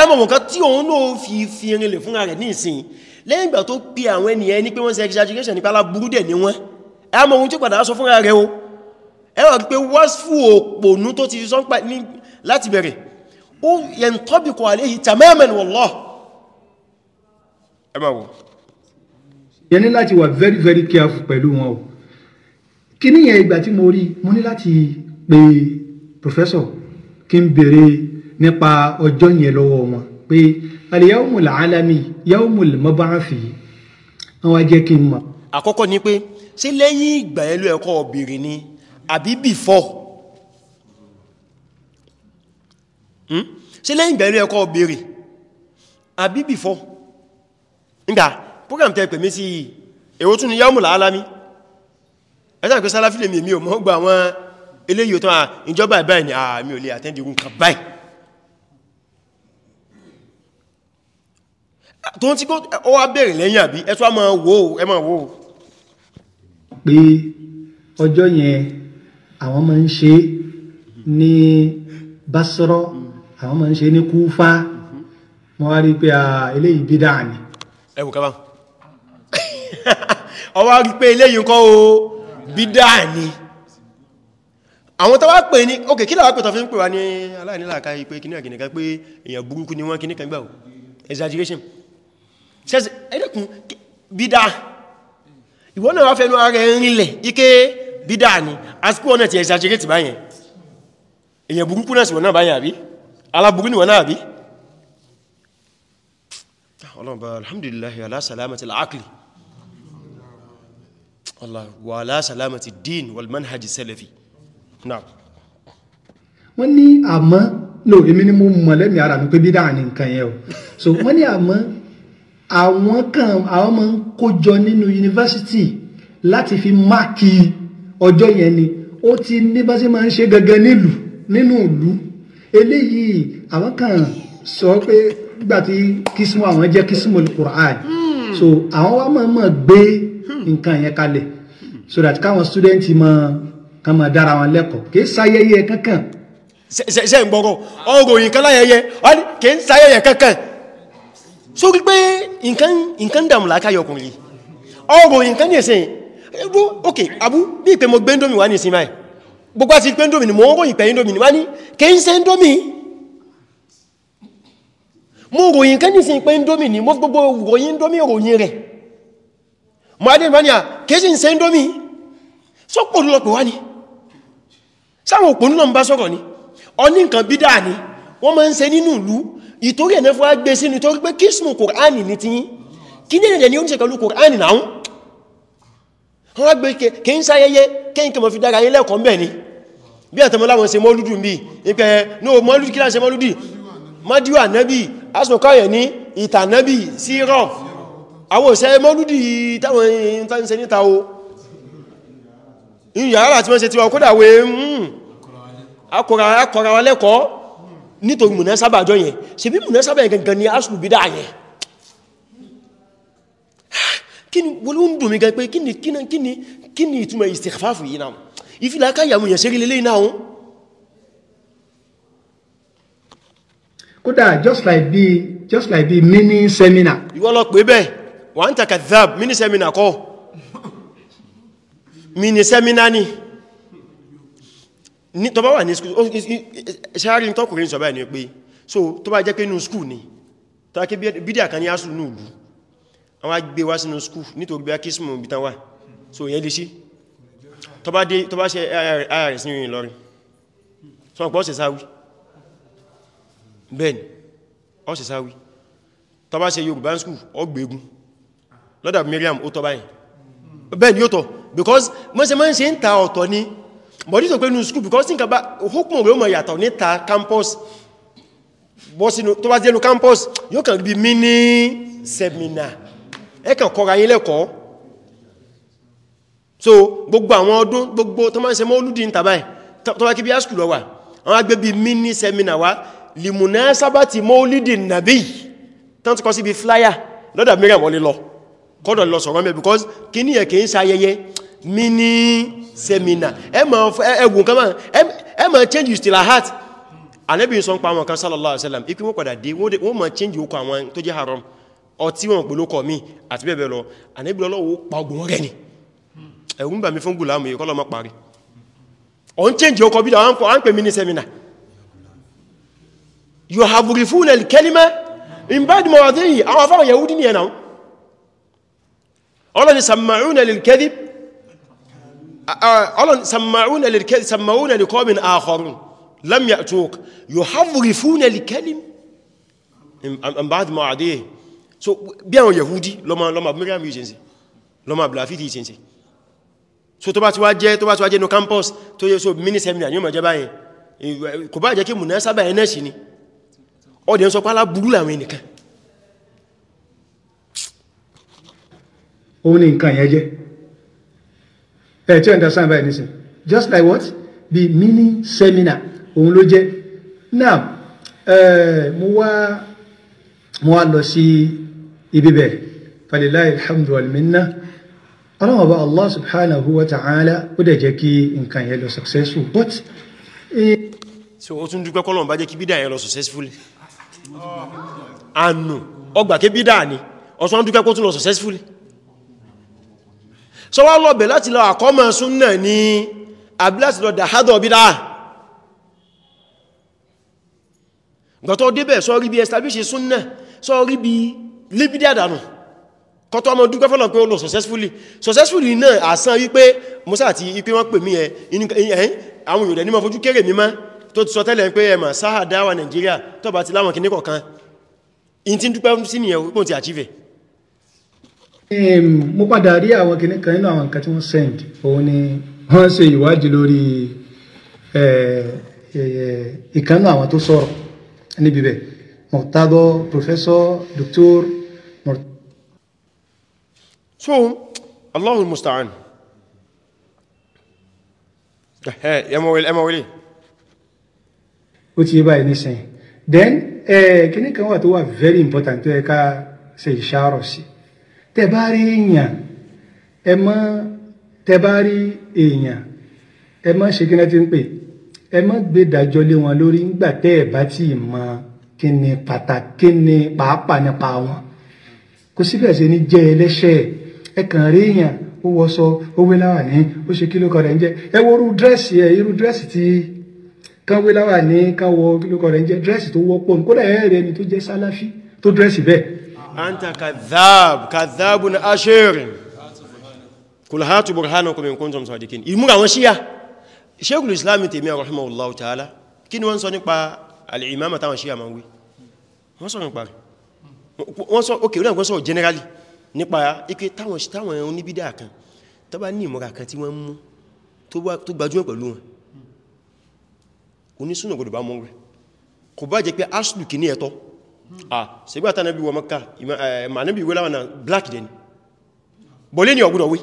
ẹmọ̀ mọ̀kan tí òun náà fi fi rinlẹ̀ fún ààrẹ ní ìsìn lẹ́yìn ìgbà tó pí àwọn ènìyàn ní pé wọ́n ṣe exaggeration nípa aláburú dẹ̀ ní wọ́n ẹmọ̀ ohun tí padà sọ fúnra rẹ̀ o ẹwà láti wà very very careful pẹ̀lú wọn o kíní yẹn ìgbà tí mo rí mo ní láti pe professor kí n béèrè nípa ọjọ́ yẹn lọ́wọ́ wọn pé al-yawmul alami yawmul mab'athi wọn wá jẹ́ kí n mọ̀. àkọ́kọ́ ni pé ṣé lẹ́yìn ìgbà ẹlú ẹ̀kọ́ obìnrin ni àbí before hmm? ṣé lẹ́yìn ìgbà ẹlú ẹ̀kọ́ obìnrin àbí before nígbà program tẹ́ pè sí èwo tún ni yawmul alami ẹ̀sà pé sálàfí lè mi ò mọ́ gba àwọn eléyìí tó à ìjọba ìbáyìí ni àmì ò lè àtẹ́ndì ogun kan báyìí tó ti kó ọ wá bèèrè lẹ́yìn àbí ẹ tó á ẹ máa wò pé ọjọ́ yẹn àwọn máa ń ṣe ní Basra àwọn máa ń ṣe ní Kúfà mo wá rí pé eléyìí bídà ni ẹwù kábà ọwá rí pé eléyìí kọ́ o bídá ni àwọn tó wá pè ní ok kí làwá pè tó fi ń pè wá ní aláìníláàká ipé kí ní àgìnìká pé èyàn burúkú ni wọ́n kí ní kan gbáwò exaggeration says ẹ̀dẹ́kùn bídá ìwọ́n náà wá fẹ́nu ara rinlẹ̀ ike bídá ni asíkú ọ̀nà ti exaggerate báyẹn èyàn burúkú náà sì wọ́n náà báyẹn àbí ah, alhamdulillah ala salamatil aqli wàlá salamati din wal manhaj salafi náà wọ́n ní àmọ́ no èmi ni mo mọ̀ lẹ́mí ara mi pé bídà ní nǹkan yẹn o so wọ́n ní àmọ́ àwọn kan àwọn máa ń kójọ nínú yunifásitì láti fi máàkì ọjọ́ yẹn ni ó ti ní bá ṣe máa ń ṣe gangan nílùú nínú ìlú eléyìí àwọn kan sọ pé nígbà tí kìsìmọ̀ àwọn jẹ́ kìsìmọ̀ Qur'an hmm. so àwọn wa máa máa gbé nǹkan yẹn kalẹ̀ so that káwọn student mọ kàn máa dára wọn lẹ́kọ̀ọ́ kì í ṣayẹyẹ kankan. ṣe ń gbọ́rọ̀ ọ̀rọ̀ yìí kan láyẹyẹ kì í ṣayẹyẹ kankan sórí pé nǹkan dàmù lákàyọ ọkùnrin ọ̀rọ̀ yìí kan ní ẹ̀sẹ̀ ẹgbó ok abú bí ìpé mo gbé ndómi wá ní ìsinmi báyìí gbogbo àti ìpé ndómi ni mo ń ròyìn pé ndómi ni wá ní kì í ṣe ndómi mo ròyìn kan ní ìsinmi pé ndómi ni mo gbogbo ròyìn ndómi ròyìn rẹ̀ mọ́dín bá ní à kéèsì ń se ń dómi sọ́pọ̀ lọ́pọ̀ wá ní sáwọn òpó nílọ ń bá sọ́rọ̀ ní ọní nǹkan bídá ní wọ́n máa ń ṣe nínú ìlú ìtorí ẹ̀nẹ́ fún agbé sínú torí pé kísmù kòránì ní tíyín kí ní ẹ̀dẹ̀ ní ó ń ṣẹ̀kọ̀lú kòránì náà wọ́n gbé kí ń sáyẹyẹ kẹ́yìn kẹmọ̀ fi dára yín lẹ́kọ̀ọ́ mbẹ̀ ni bí àtọmọ láwọn mọ́lúdù bí ipẹ́ ní o mọ́lúdù kí láṣẹ mọ́lúdù mọ́díwà nẹ́bì asùnkọ́yẹ̀ ní ìtànẹ́bì sírọ̀pù àwọn òṣèré mọ́lúdì táwọn èèyàn tán ṣe níta o ìyà ara tí wọ́n ṣe tí wọ́n kódà wé mún hmm, akọ̀rọ̀ wa nítorí múnẹ́ sábà yẹn ṣe bí múnẹ́ sábà yẹn kódà just like the just like the mini seminar ìwọ́n bẹ́ẹ̀ wà ń takà dhab mini sẹ́mínà kọ́ mini sẹ́mínà ni tó bá wà ní skúl ṣáàrí tọ́kùnrin sọ báyìí ni pé so tó bá jẹ́ pé inú skúl ni tàkí bídí àkàní asù ní ìlú àwọn agbé wá sínú skúl nítorí bí akísmù bí tán wà so yẹn lè sí tó bá ṣe irs ní Ìlọrin so ọ̀pọ̀ ọ̀sẹ̀ sáwí bẹ́ẹ̀ni ọ̀sẹ̀ sáwí tó bá ṣe Yorùbá skúl ọgbẹ̀gùn lọ́dà Miriam ó tọ́ báyìí bẹ́ẹ̀ ni ó tọ́ because mọ́sẹ̀ mọ́ ṣe ń ta ọ̀tọ̀ ni bọ̀dí tó pé ní school because nǹkan bá hókùn rẹ̀ ó mọ̀ yàtọ̀ ní ta campus bọ́sínú tó bá jẹ́ ní campus yóò kàn bí mini seminar ẹ kàn kọ́ra yín lẹ́kọ̀ọ́ so gbogbo àwọn ọdún gbogbo tó máa ń ṣe mọ́ olúdi ń tàbáyì tó bá kí bí áṣkù lọ wà àwọn agbé bí mini seminar wá limunasabati mọ́ olúdi nàbí tán ti kọ́ sí bí flyer lọ́dà Miriam wọlé lọ kọ́dọ̀ lọ sọ̀rọ̀ mẹ́ because kí ní ẹ̀kẹ́ ń sayẹyẹ mini seminar ẹgbùn kan máa ẹmọ̀ change you still a heart anẹ́bí sọ ń pa àwọn kan sallallahu alaihi wasallam ikú wọ́n padà dé wọ́n máa change okò àwọn tó jẹ́ haram ọtí wọn pẹ̀lú kọ̀ mí àti bẹ́ẹ̀ bẹ́ẹ̀ lọ anẹ́bí ọlọ́wọ́ pa ogun rẹ̀ ni ẹ̀rù ń bà mí fún gùlámù yìí kọ́lọ́ má parí ọ ń change okọ̀ bí wọ́n ń pè mini seminar you have refused kelima in bad mawadhi àwọn afọ́rọ̀ yahudi ni ẹ̀nà ọlọ́ni sàmàrúnà lilkẹ́dì ọlọ́ni sàmàrúnà lilkẹ́dì sàmàrúnà lilkọ́bin àkọrùn lámìyà tók yóò hàbùrì fún lilkẹ́lì àbádìmọ̀ àdíyẹ so bí àwọn yahudi lọ́mà miriam yìí ṣe lọ́mà blafiti yìí ṣe so tó bá ti wá jẹ́ tó bá ti wá jẹ́ no campus tó yẹ so mini seminar yóò mọ̀ jẹ́ báyẹn kò bá làwọn ẹnìkan òun ni nǹkan yẹn jẹ́ ẹ̀ tí understand by nisin just like what the mini seminar òun ló jẹ́ now uh, mo wá mo wá lọ sí ibi bẹ́ẹ̀ falilayi alhamdulilayi minna ọlọ́run ọba allah subhanahu wa ta'ala ó dẹ̀ jẹ́ kí nǹkan yẹn lọ successful but so o tún dúpẹ́ kọ́lọ̀ bá jẹ́ kí bídà yẹn lọ successful ànù ọgbà kí bídà ni ọ̀sán dúpẹ́ kó tún lọ successful so wá lọ́bẹ̀ láti lọ àkọ́mọ̀ súnnà ní àbíláti lọ dàhádọ̀ bídá gbọ́tọ̀ débẹ̀ sọ rí bí establish súnnà sọ rí bí lébídí àdánù kọ́tọ́ ọmọ dúgbẹ́ fọ́lọ̀ pé ó lọ successfully successfully náà àsán wípé musa àti ipé wọ́n pè mí ẹ àwọn yòrẹ̀ ní mọ́ fojú kéré mímá tó ti sọ tẹ́lẹ̀ pé ẹmà sáà dáwà Nàìjíríà tó bá ti láwọn kìníkọ̀kan in ti dúpẹ́ sí nìyẹn wípò ti achieve mo padà rí àwọn kìnnì kan nínú àwọn nǹkan tí wọ́n send òun ni wọ́n ṣe ìwádìí lórí ìkànnì àwọn tó sọ̀rọ̀ níbi bẹ́ẹ̀ mọ̀tàdọ́ professor doctor. so Allahul musta'an ẹ mọ̀ wẹ́lẹ́ ẹ mọ̀ wẹ́lẹ́. ó ti yé báyìí nísìnyí then kìnnì kan wà tó wà very important tó yẹ ká ṣe ìṣàrọ̀ sí i tẹ bá rí èèyàn ẹ mọ́ tẹ bá rí èèyàn ẹ mọ́ ṣe kí ni ti ń pè ẹ mọ́ gbé dájọ́ lé wọn lórí ńgbà tẹ́ ẹ bá tí mọ kí ni pàtàkì kí ni pàápàá nípa wọn kò síbẹ̀ ṣe ní jẹ́ ẹlẹ́ṣẹ̀ ẹ kàn rí èèyàn ó wọṣọ ó wé láwà ní ó ṣe kílókọ rẹ̀ ń jẹ́ ẹ wo irú dírẹ́sì ẹ irú dírẹ́sì tí kan wé láwà ní kan wọ kílókọ rẹ̀ ń jẹ́ dírẹ́sì tó wọ́pọ̀ kódà ẹ rẹ ni tó jẹ́ sálàfí anta kadhab kadhabun ashir kul hatu burhanakum in kuntum sadiqin imura wọn shiya shaykhul islam taymiyyah rahimahullahu ta'ala kíni wọ́n sọ nípa al imama tawon shiya man wí wọ́n sọ nípa wọ́n sọ okay wọ́n sọ generally nípa ike tawon tawon en ni bid'a kan tó bá ní ìmúra kan tí wọ́n mú tó bá tó gbajúmọ̀ pẹ̀lú wọn onísùnnà godo ba mo re kò bá jẹ́ pé aslu kini eto ah ṣègbà tánàbí wọ mọ́ká ìmànàbí wé láwọn black den bọ̀lé ní ọgbùdọ̀ wé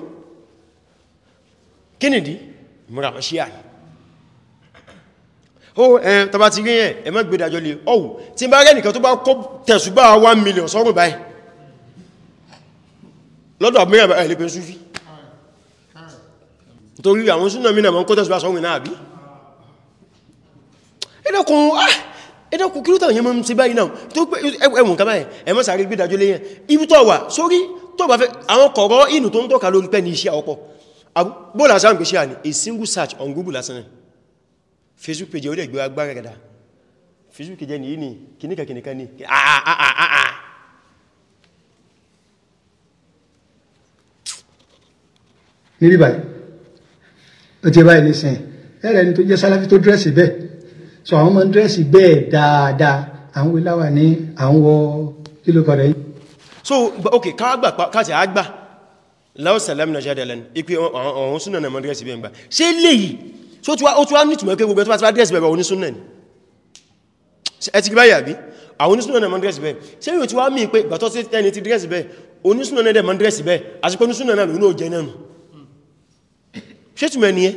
kínìdí múra wọn ṣíà ó ẹ tàbá ti rí ẹ ẹ má gbédàjọ́ lè ọwù tí bá rẹ̀ nìkan tó bá kó tẹ̀sùbá 1 million sọ́rùn báyìí lọ́dọ̀ àbúrẹ́ ẹ̀ lè pẹ́ súfí torí àwọn súnà mínà mọ́ kó tẹ̀sùbá sọ́rùn náà bí ẹlẹ́kùn ah ẹ̀dọ́kù kí ló tàwọn yẹmọ́ ti báyìí náà tó pé ẹwùn kama ẹ̀ ẹmọ́ sàárè gbé dájọ́ léyẹn ibi tó wà sórí tó bá fẹ́ àwọn kọ̀rọ̀ inú tó ń tọ́ka lórí pẹ́ ní iṣẹ́ ọpọ̀ bóòlù àṣà ń pèsè à ní a single search on Google lásán Facebook page orí ẹgbẹ́ agbára gada Facebook jẹ́ ní ní kìníkà kìníkà ní ní bíbáyìí ó ti báyìí nísìn ẹ̀rẹ́ ni tó jẹ́ sáláfí tó dírẹ́sì bẹ́ẹ̀ so àwọn ọmọ dírẹ́sì bẹ́ẹ̀ dáadáa àwọn wé láwà ní àwọn kílò padà yìí so ok káàgbà káàtì àgbà láwọ́sàlámì náà jádẹ̀lẹ́n ipé àwọn súnà náà mọ́ dírẹ́sì bẹ́ẹ̀ gbà ṣe léyìí so ó tí wá ní ìtumọ̀ pé gbogbo tó bá ti bá dírẹ́sì bẹ́ẹ̀ onísúnà ni ẹ ti báyà bí àwọn onísúnà náà mọ́ dírẹ́sì bẹ́ẹ̀ ṣe yóò tí wá mí pé gbàtọ́ sí ẹni ti dírẹ́sì bẹ́ẹ̀ onísúnà náà mọ́ dírẹ́sì bẹ́ẹ̀ àti pé onísúnà náà lónà òjẹ́ náà ṣe túnmọ̀ ni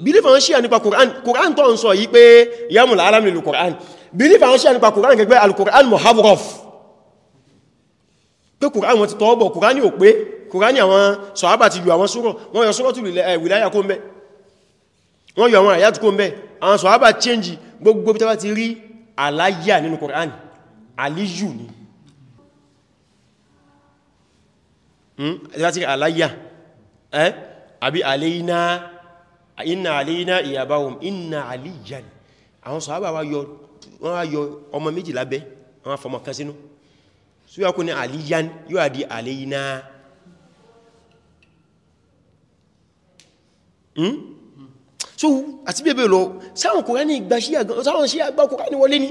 belief àwọn Shia nípa Qur'an Qur'an to ń sọ yí pé yamul alam nílùú Qur'an belief àwọn Shia nípa Qur'an gẹ́gbẹ́ al-Qur'an muhawaraf pé Qur'an wọn ti tọ́ bọ̀ Qur'an yóò pé Qur'an àwọn sọ̀hábà ti yọ àwọn sùúrọ̀ wọ́n yọ Suratul eh, Wilaya kó ń bẹ́ wọ́n yọ àwọn àyàtù kó ń bẹ́ àwọn sọ̀hábà change gbogbo bí tàbá ti rí aláyà nínú Qur'an alíyù ni àti hmm? láti eh, àbí aléyìnà inna alina iyabahum inna alijan. àwọn sahaba yo, yọ wọ́n wá yọ ọmọ méjì lábẹ́ wọ́n fọmọ kan sínú so ya kuni aliyan yo adi alina hmm so ati bebe lo sawon ko ni igba shi agan sawon shi agba ko kan ni wọlé ni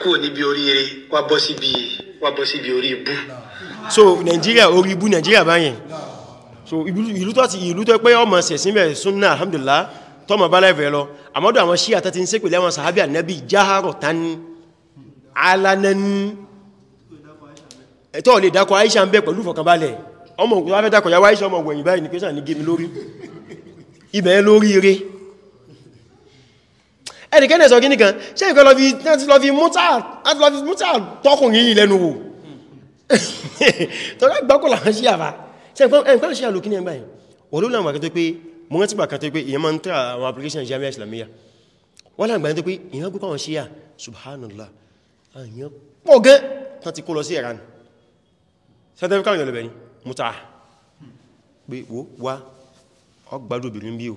kúrò níbi oríire wá bọ́ síbi wá bọ́ síbi orí ibú so Nigeria orí ibú Nigeria báyẹn so ìlú tó ti ìlú tó pé ọmọ sẹ̀sìn bẹ̀ súnnà alhamdulillah tọ́mọ̀ bá láìfẹ́ lọ àmọ́dọ̀ àwọn Shia àtàtí ń sé pẹ̀lú àwọn sàhábí ànábì jáhárọ̀ tání alanani ẹ̀tọ́ lè dákọ̀ Aisha ń bẹ́ pẹ̀lú fọ̀kànbalẹ̀ ọmọ òkú láfẹ́ dákọ̀ yàwó Aisha ọmọ ọgbọ̀nyìn báyìí ní pẹ́sà ní gẹ́mi lórí ẹnìkẹ́ni ẹ̀sọ̀ gíní kan ṣe ìkọ́ lọ fi mútà tọ́kùn yìí lẹ́nu wò tọ́lá gbákùn láwọn sí àfá ṣe ìkọ́ sí àlòkí ní ẹgbà yìí wọ́n ló láwọn àkàtọ́ pé mọ́ tí bàkà tó pé èyàn máa ń tẹ́ àwọn application jamia islamiyya wọ́n láwọn àgbà pé èyàn gbé káwọn sí à subhanallah àyàn ah, pọ̀ gẹ́ tán ti kó lọ sí ẹ̀rá ni sẹ́tẹ́fẹ́ káwọn yọ̀ lẹ́bẹ̀ ni mútà pé wo wá ọgbàdùn obìnrin bí o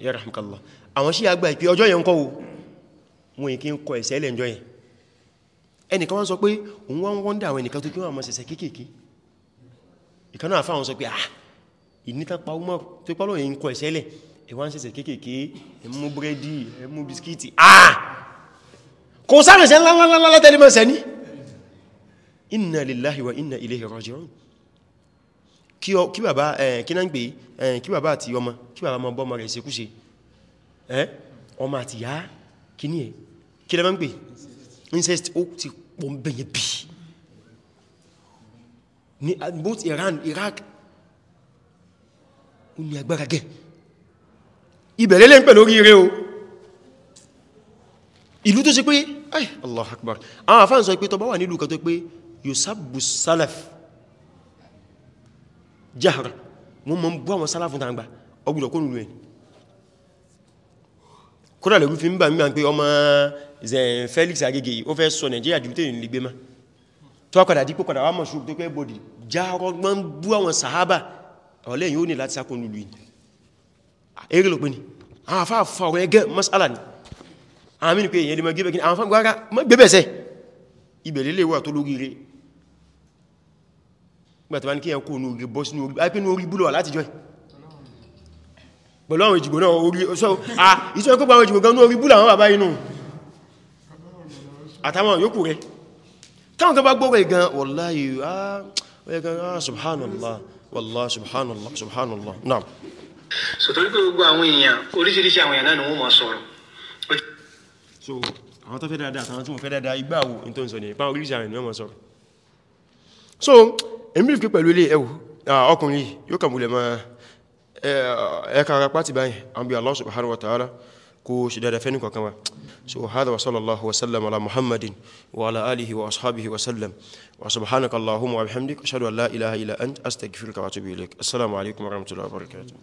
yarhamukallah àwọn sí àgbà ìpé ọjọ́ yẹn kọ́ o wọn kí ń kọ ẹ̀sẹ̀ ilẹ̀ ìjọ yẹn ẹnìkan wọ́n sọ pé òun wọ́n wọ́n dà àwọn ẹnìkan tó kí wọ́n àmọ́ sẹ̀sẹ̀ kéèkéèké ìkan náà fáwọn sọ pé ah ìníkapa ọmọ tó pọ́lọ̀ yẹn kọ ẹ̀sẹ̀ ilẹ̀ ẹ̀wọ́n sẹ̀sẹ̀ kéèkéèké ẹmú búrẹ́dì ẹmú bisikíìtì ah kò sáré sẹ́ ńláńláńlá tẹ́lẹ̀ mọ́ sẹ́ni inna lillahi wa inna ilayhi raji'un kí bàbá kí náà ń pè kí bàbá àti ọmọ kí bàbá mọ́ bọ́mọ rẹ̀ ìṣekúṣe ọmọ àti yá kí ní ẹ̀ kí lẹ́mọ́ ń pè incest ó ti pọ̀ bẹ̀yẹ̀ bí ní both Iran Iraq ó ní agbára gẹ̀ ìbẹ̀rẹ̀ lè ń pẹ̀ o ìlú tó ṣe pé ay Allah akbar àwọn àfáà ń sọ pé tó bá wà nílùú kan tó pé yóò sábù sálàfì jahran wọ́n mọ́ ń bú àwọn sálàfún tàǹgbà ọgbùdọ̀ kó lùlù ẹ̀ kódà lè rúfin gbà mígbà pé ọmọ zen Felix Agege ó fẹ́ sọ Nigeria jù tẹ́yìn lè gbé má tó akọ̀dà dípò padà wà mọ̀ṣù tó pẹ́ bòdì jahran gbọ́n bú àwọn sahaba ọ̀lẹ́ yóò ní láti sákò lùlù ẹ̀ eré lópin ni àwọn afá gbàtàbà ní kí ẹkù ní orí bọ́ sínú orí ipé orí búlọ̀ láti jọ pẹ̀lú àwọn ìjìgbò náà orí ọ̀sọ́ ìṣọ́ ikú pàwọn ìjìgbò gan ní orí búlọ̀ àwọn bàbá inú àtàwọn yòókù rẹ̀ táwọn kan bá gbọ́rọ̀ ìgan wallahi subhanallah so èmi rí pẹ̀lú ilé ẹwù ọkùnrin yóò kàmùlẹ̀ ma ẹka ara pàtí báyìí àbí Allah subhanahu wa ta'ala kó ṣe dada fẹ́ nìkan kama so hada wa sallallahu wa sallam ala muhammadin wa ala alihi wa ashabihi wa sallam wa subhanaka wa bihamdika ashhadu an la ilaha illa ant astaghfiruka wa atubu ilaik assalamu alaikum wa rahmatullahi